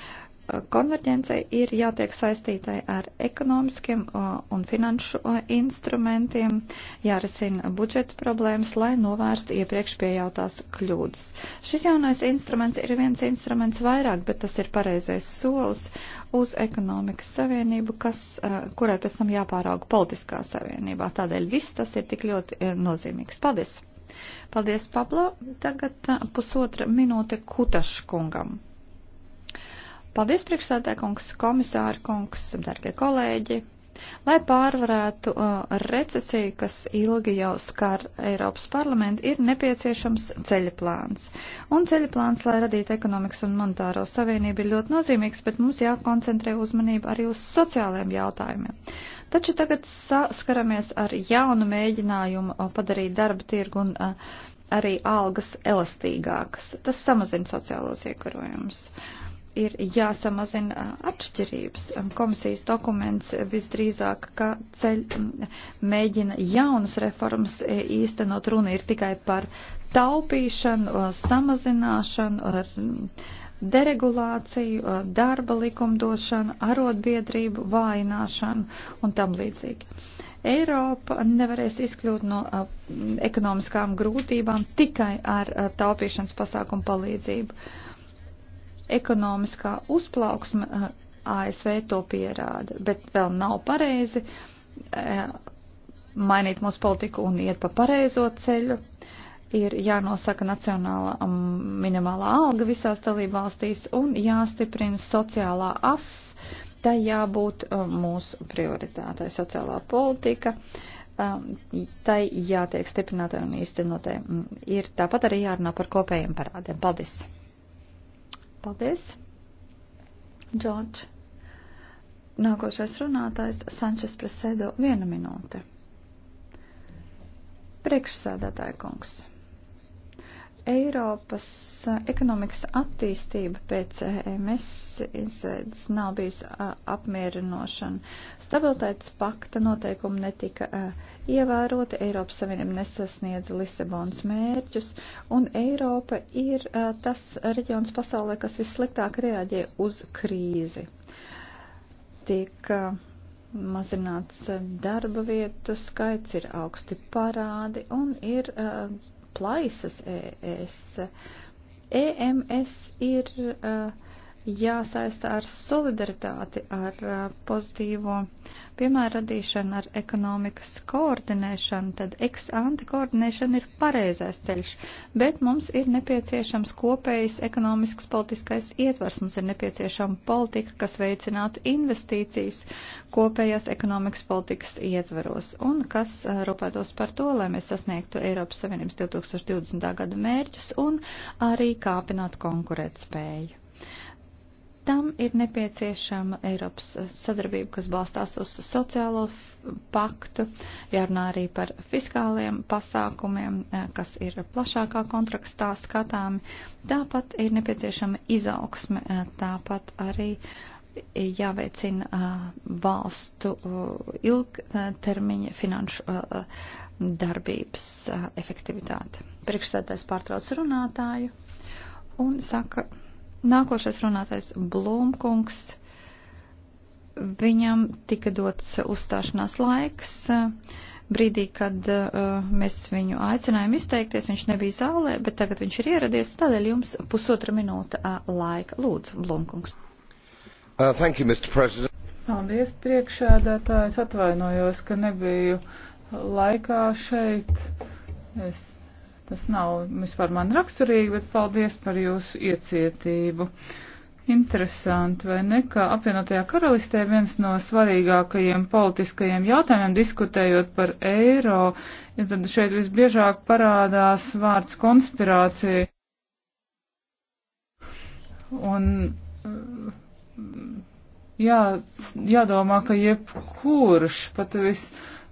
konverģencei ir jātiek saistītai ar ekonomiskiem un finanšu instrumentiem, jārisina budžeta problēmas, lai novērstu iepriekš piejautās kļūdas. Šis jaunais instruments ir viens instruments vairāk, bet tas ir pareizais solis uz ekonomikas savienību, kas, kurai pēc tam jāpārauga politiskā savienībā. Tādēļ viss tas ir tik ļoti e, nozīmīgs. Paldies! Paldies, Pablo. Tagad pusotra minūte Kutaškungam. Paldies, priekšsēdē kungs, komisāra kungs, darbie kolēģi! Lai pārvarētu uh, recesiju, kas ilgi jau skar Eiropas parlamentu, ir nepieciešams ceļplāns. Un ceļplāns, lai radītu ekonomikas un monetāro savienību, ir ļoti nozīmīgs, bet mums jākoncentrē uzmanība arī uz sociālajiem jautājumiem. Taču tagad saskaramies ar jaunu mēģinājumu uh, padarīt darba tirgu un uh, arī algas elastīgākas. Tas samazina sociālos iekarojumus. Uh, ir jāsamazina atšķirības. Komisijas dokuments visdrīzāk, ka ceļ mēģina jaunas reformas īstenot, runa ir tikai par taupīšanu, samazināšanu, deregulāciju, darba likumdošanu, arotbiedrību vājināšanu un tam līdzīgi. Eiropa nevarēs izkļūt no a, ekonomiskām grūtībām tikai ar a, taupīšanas pasākumu palīdzību. A, Ekonomiskā uzplauksme eh, ASV to pierāda, bet vēl nav pareizi eh, mainīt mūsu politiku un iet pa pareizo ceļu. Ir jānosaka nacionāla mm, minimālā alga visās dalībvalstīs un jāstiprina sociālā as. Tā jābūt eh, mūsu prioritātei sociālā politika. Uh, tai jātiek stiprinātai un īstenotai. Mm, ir tāpat arī jārunā par kopējiem parādiem. Paldies! Paldies, Džordž. Nākošais runātājs Sančes Presedo viena minūte. Priekšsēdētāja kungs. Eiropas eh, ekonomikas attīstība pēc eh, MS izveidas nav bijusi eh, apmierinošana. Stabilitātes pakta noteikumi netika ievēroti, Eiropas Savienība nesasniedza Lisabonas mērķus, un Eiropa ir tas reģions pasaulē, kas vissliktāk reaģē uz krīzi. Tiek mazināts darba vietu skaits, ir augsti parādi un ir uh, plaisas ES. EMS ir uh, jāsaista ar solidaritāti, ar uh, pozitīvo piemēru radīšanu, ar ekonomikas koordinēšanu, tad ex-ante koordinēšana ir pareizais ceļš, bet mums ir nepieciešams kopējs ekonomisks politiskais ietvars, mums ir nepieciešama politika, kas veicinātu investīcijas kopējās ekonomikas politikas ietvaros un kas uh, rūpētos par to, lai mēs sasniegtu Eiropas Savienības 2020. gada mērķus un arī kāpinātu konkurētspēju. Tam ir nepieciešama Eiropas sadarbība, kas balstās uz sociālo paktu, jārunā arī par fiskāliem pasākumiem, eh, kas ir plašākā kontekstā skatāmi. Tāpat ir nepieciešama izaugsme, eh, tāpat arī jāveicina eh, valstu ilgtermiņa finanšu darbības efektivitāte. Priekšstādājs pārtrauc runātāju un saka, Nākošais runātais Blūmkungs. Viņam tika dots uzstāšanās laiks. Brīdī, kad uh, mēs viņu aicinājām izteikties, viņš nebija zālē, bet tagad viņš ir ieradies, tādēļ jums pusotra minūte uh, laika. Lūdzu, Blūmkungs. Uh, thank you, Mr. President. Paldies, priekšēdētājs. Atvainojos, ka nebiju laikā šeit. Es Tas nav vispār man raksturīgi, bet paldies par jūsu iecietību. Interesanti, vai ne, ka apvienotajā karalistē viens no svarīgākajiem politiskajiem jautājumiem, diskutējot par eiro, ja tad šeit visbiežāk parādās vārds konspirācija. Un jā, jādomā, ka jebkurš pat viss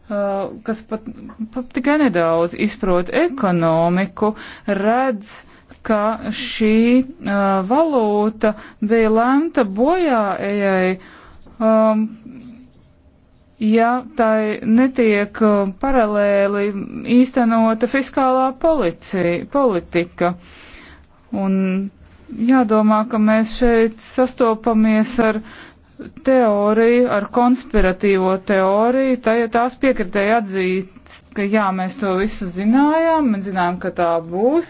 Uh, kas pat, pat tikai nedaudz izprot ekonomiku, redz, ka šī uh, valūta bija lemta bojājai, um, ja tai netiek uh, paralēli īstenota fiskālā policija, politika. Un jādomā, ka mēs šeit sastopamies ar teoriju, ar konspiratīvo teoriju, tā, ja tās piekritēja atzīt, ka jā, mēs to visu zinājām, mēs zinājām, ka tā būs,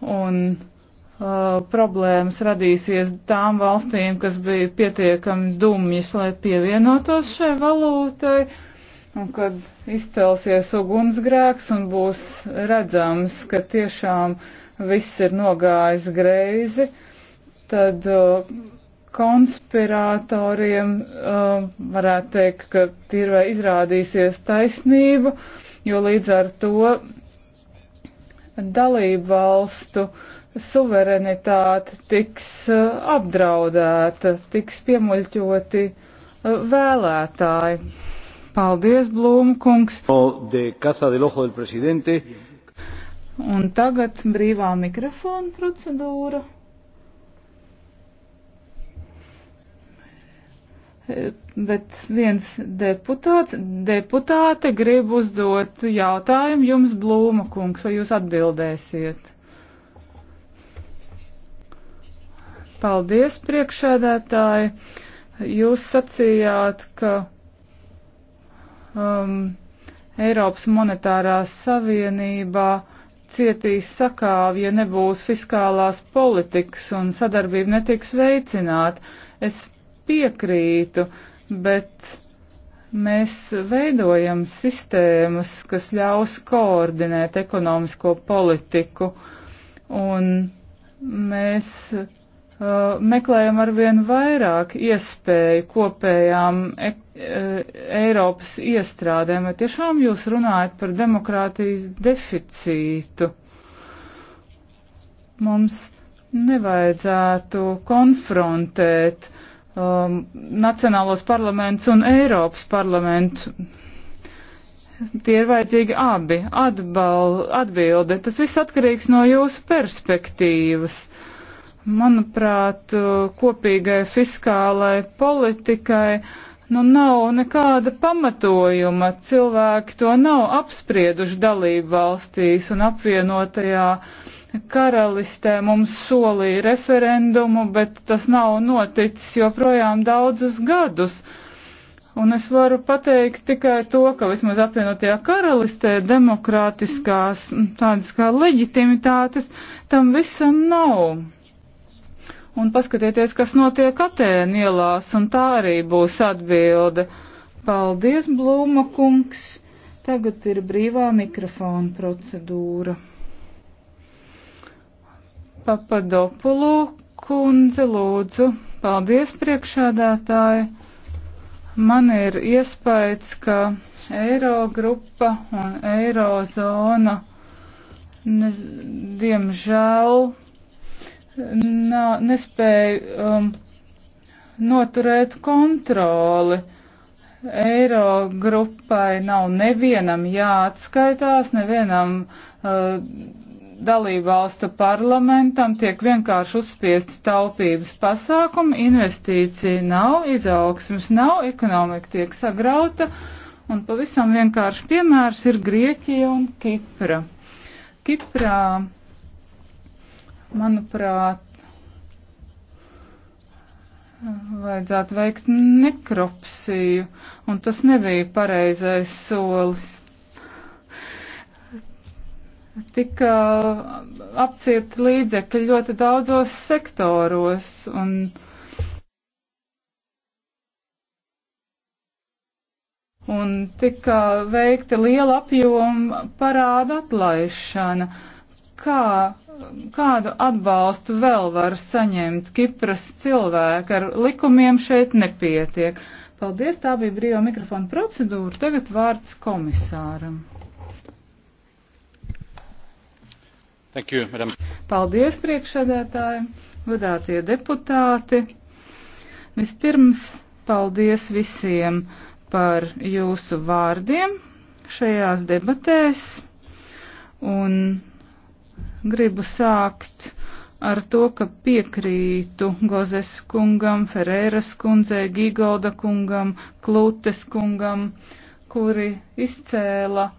un uh, problēmas radīsies tām valstīm, kas bija pietiekami dumjas, lai pievienotos šai valūtai, un kad izcelsies ugunsgrēks un būs redzams, ka tiešām viss ir nogājis greizi, tad. Uh, konspiratoriem uh, varētu teikt, ka tirvē izrādīsies taisnība, jo līdz ar to dalību valstu suverenitāte tiks uh, apdraudēta, tiks piemuļķoti uh, vēlētāji. Paldies, Blūmkungs. Un tagad brīvā mikrofona procedūra. bet viens deputāts, deputāte grib uzdot jautājumu jums, Blūma kungs, vai jūs atbildēsiet? Paldies, priekšēdētāji. Jūs sacījāt, ka um, Eiropas monetārā savienībā cietīs sakāvi, ja nebūs fiskālās politikas un sadarbība netiks veicināta. Es piekrītu, bet mēs veidojam sistēmas, kas ļaus koordinēt ekonomisko politiku, un mēs uh, meklējam arvien vairāk iespēju kopējām e e Eiropas iestrādēm, vai tiešām jūs runājat par demokrātijas deficītu? Mums nevajadzētu konfrontēt uh, um, nacionālos parlamentus un Eiropas parlamentu. Tie ir vajadzīgi abi. Atbal, atbilde. Tas viss atkarīgs no jūsu perspektīvas. Manuprāt, kopīgai fiskālai politikai nu, nav nekāda pamatojuma. Cilvēki to nav apsprieduši dalību valstīs un apvienotajā uh, karalistē mums solīja referendumu, bet tas nav noticis joprojām daudzus gadus. Un es varu pateikt tikai to, ka vismaz apvienotajā karalistē demokrātiskās tādas kā leģitimitātes tam visam nav. Un paskatieties, kas notiek Atēnu ielās, un tā arī būs atbilde. Paldies, Blūma kungs! Tagad ir brīvā mikrofona procedūra. Papadopulu kundze, lūdzu. Paldies, priekšādātāji. Man ir iespējas, ka Eirogrupa un Eirozona, ne, diemžēl, nā, nespēja um, noturēt kontroli. Eirogrupai nav nevienam jāatskaitās, nevienam uh, dalībvalstu parlamentam tiek vienkārši uzspiesti taupības pasākumi, investīcija nav, izaugsmas nav, ekonomika tiek sagrauta, un pavisam vienkārši piemērs ir Grieķija un Kipra. Kiprā, manuprāt, vajadzētu veikt nekropsiju, un tas nebija pareizais solis tika uh, apcirti līdzekļi ļoti daudzos sektoros un un tika uh, veikta liela apjoma parāda atlaišana. Kā, kādu atbalstu vēl var saņemt Kipras cilvēki? Ar likumiem šeit nepietiek. Paldies, tā bija brīvā mikrofona procedūra. Tagad vārds komisāram. You, Paldies, priekšsēdētāji, godātie deputāti. Vispirms paldies visiem par jūsu vārdiem šajās debatēs un gribu sākt ar to, ka piekrītu Gozes kungam, Ferēras kundzei, Gigolda kungam, Klūtes kungam, kuri izcēla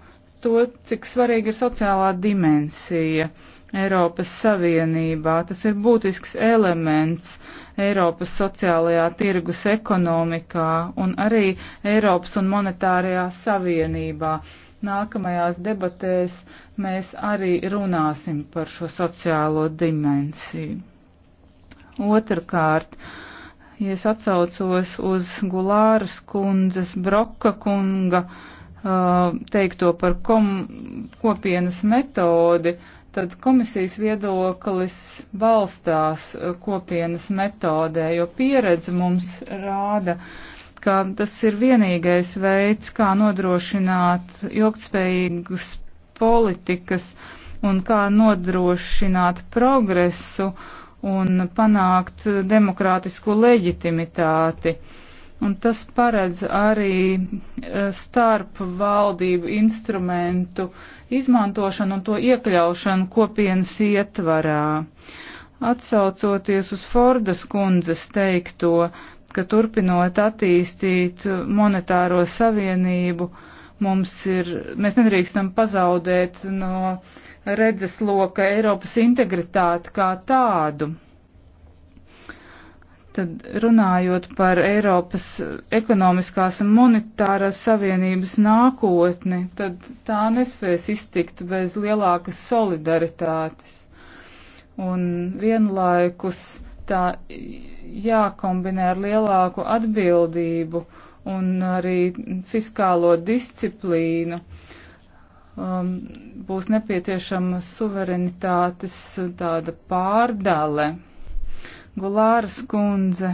to, cik svarīga ir sociālā dimensija Eiropas Savienībā. Tas ir būtisks elements Eiropas sociālajā tirgus ekonomikā un arī Eiropas un monetārajā savienībā. Nākamajās debatēs mēs arī runāsim par šo sociālo dimensiju. Otrakārt, ja es atsaucos uz Gulāras kundzes, Broka kunga, uh, Uh, teikto par kom, kopienas metodi, tad komisijas viedoklis balstās uh, kopienas metodē, jo pieredze mums rāda, ka tas ir vienīgais veids, kā nodrošināt ilgtspējīgas politikas un kā nodrošināt progresu un panākt demokrātisku leģitimitāti. Uh, Un tas paredz arī e, starp valdību instrumentu izmantošanu un to iekļaušanu kopienas ietvarā. Atsaucoties uz Fordas kundzes teikto, ka turpinot attīstīt monetāro savienību, mums ir, mēs nedrīkstam pazaudēt no redzesloka Eiropas integritāti kā tādu. Tad runājot par Eiropas ekonomiskās un monetārās savienības nākotni, tad tā nespēs iztikt bez lielākas solidaritātes. Un vienlaikus tā jākombinē ar lielāku atbildību un arī fiskālo disciplīnu. Um, būs nepieciešama suverenitātes tāda pārdale. Gulāras kundze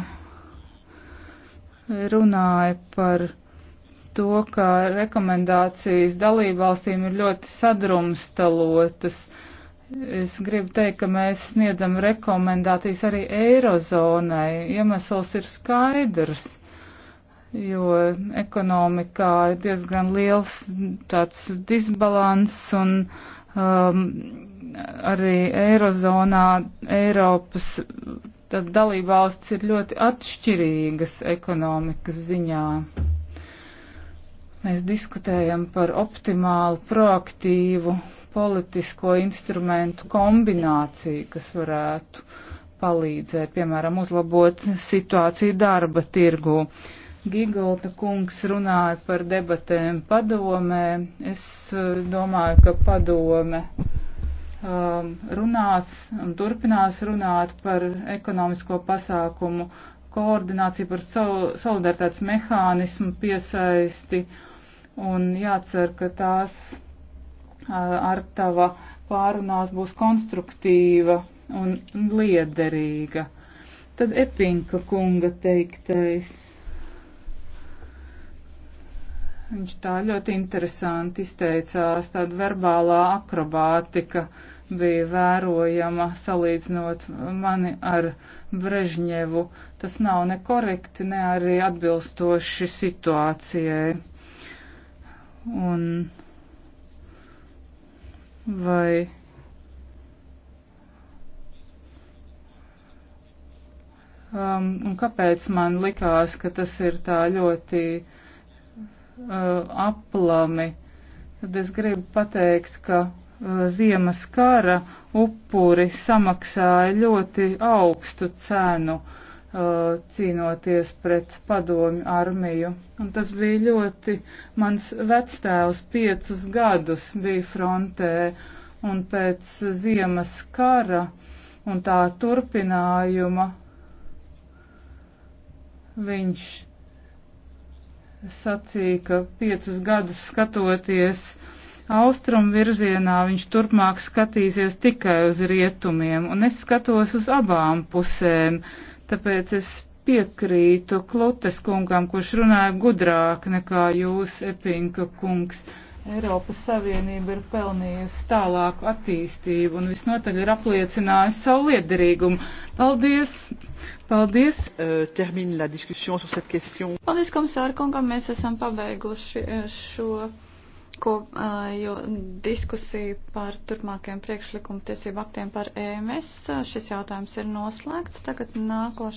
runāja par to, ka rekomendācijas dalībvalstīm ir ļoti sadrumstalotas. Es gribu teikt, ka mēs sniedzam rekomendācijas arī Eirozonai. Iemesls ir skaidrs, jo ekonomikā ir diezgan liels tāds disbalans un um, arī Eirozonā Eiropas tad dalībvalstis ir ļoti atšķirīgas ekonomikas ziņā. Mēs diskutējam par optimālu, proaktīvu politisko instrumentu kombināciju, kas varētu palīdzēt, piemēram, uzlabot situāciju darba tirgū. Gigolta kungs runāja par debatēm padomē. Es eh, domāju, ka padome Um, runās un turpinās runāt par ekonomisko pasākumu koordināciju, par solidaritātes mehānismu piesaisti un jācer, ka tās uh, ar tava pārunās būs konstruktīva un liederīga. Tad Epinka kunga teiktais. Viņš tā ļoti interesanti izteicās, tāda verbālā akrobātika bija vērojama, salīdzinot mani ar Brežņevu. Tas nav nekorekti, ne arī atbilstoši situācijai. Un vai. Um, un kāpēc man likās, ka tas ir tā ļoti Uh, aplami. Tad es gribu pateikt, ka uh, ziemas kara upuri samaksāja ļoti augstu cenu uh, cīnoties pret padomju armiju. Un tas bija ļoti, mans vectēvs piecus gadus bija frontē, un pēc ziemas kara un tā turpinājuma viņš sacīja, ka piecus gadus skatoties austrumu virzienā, viņš turpmāk skatīsies tikai uz rietumiem, un es skatos uz abām pusēm, tāpēc es piekrītu Klutes kungam, kurš runāja gudrāk nekā jūs, Epinka kungs. Uh, Eiropas Savienība ir pelnījusi tālāku attīstību un visnotaļ ir apliecinājusi savu liederīgumu. Paldies! Paldies! Uh, la sur cette question. Paldies, komisāra kungam, mēs esam pabeiguši uh, šo ko, uh, jo, diskusiju par turpmākajiem priekšlikumu tiesību aktiem par EMS. Uh, šis jautājums ir noslēgts. Tagad nākošais.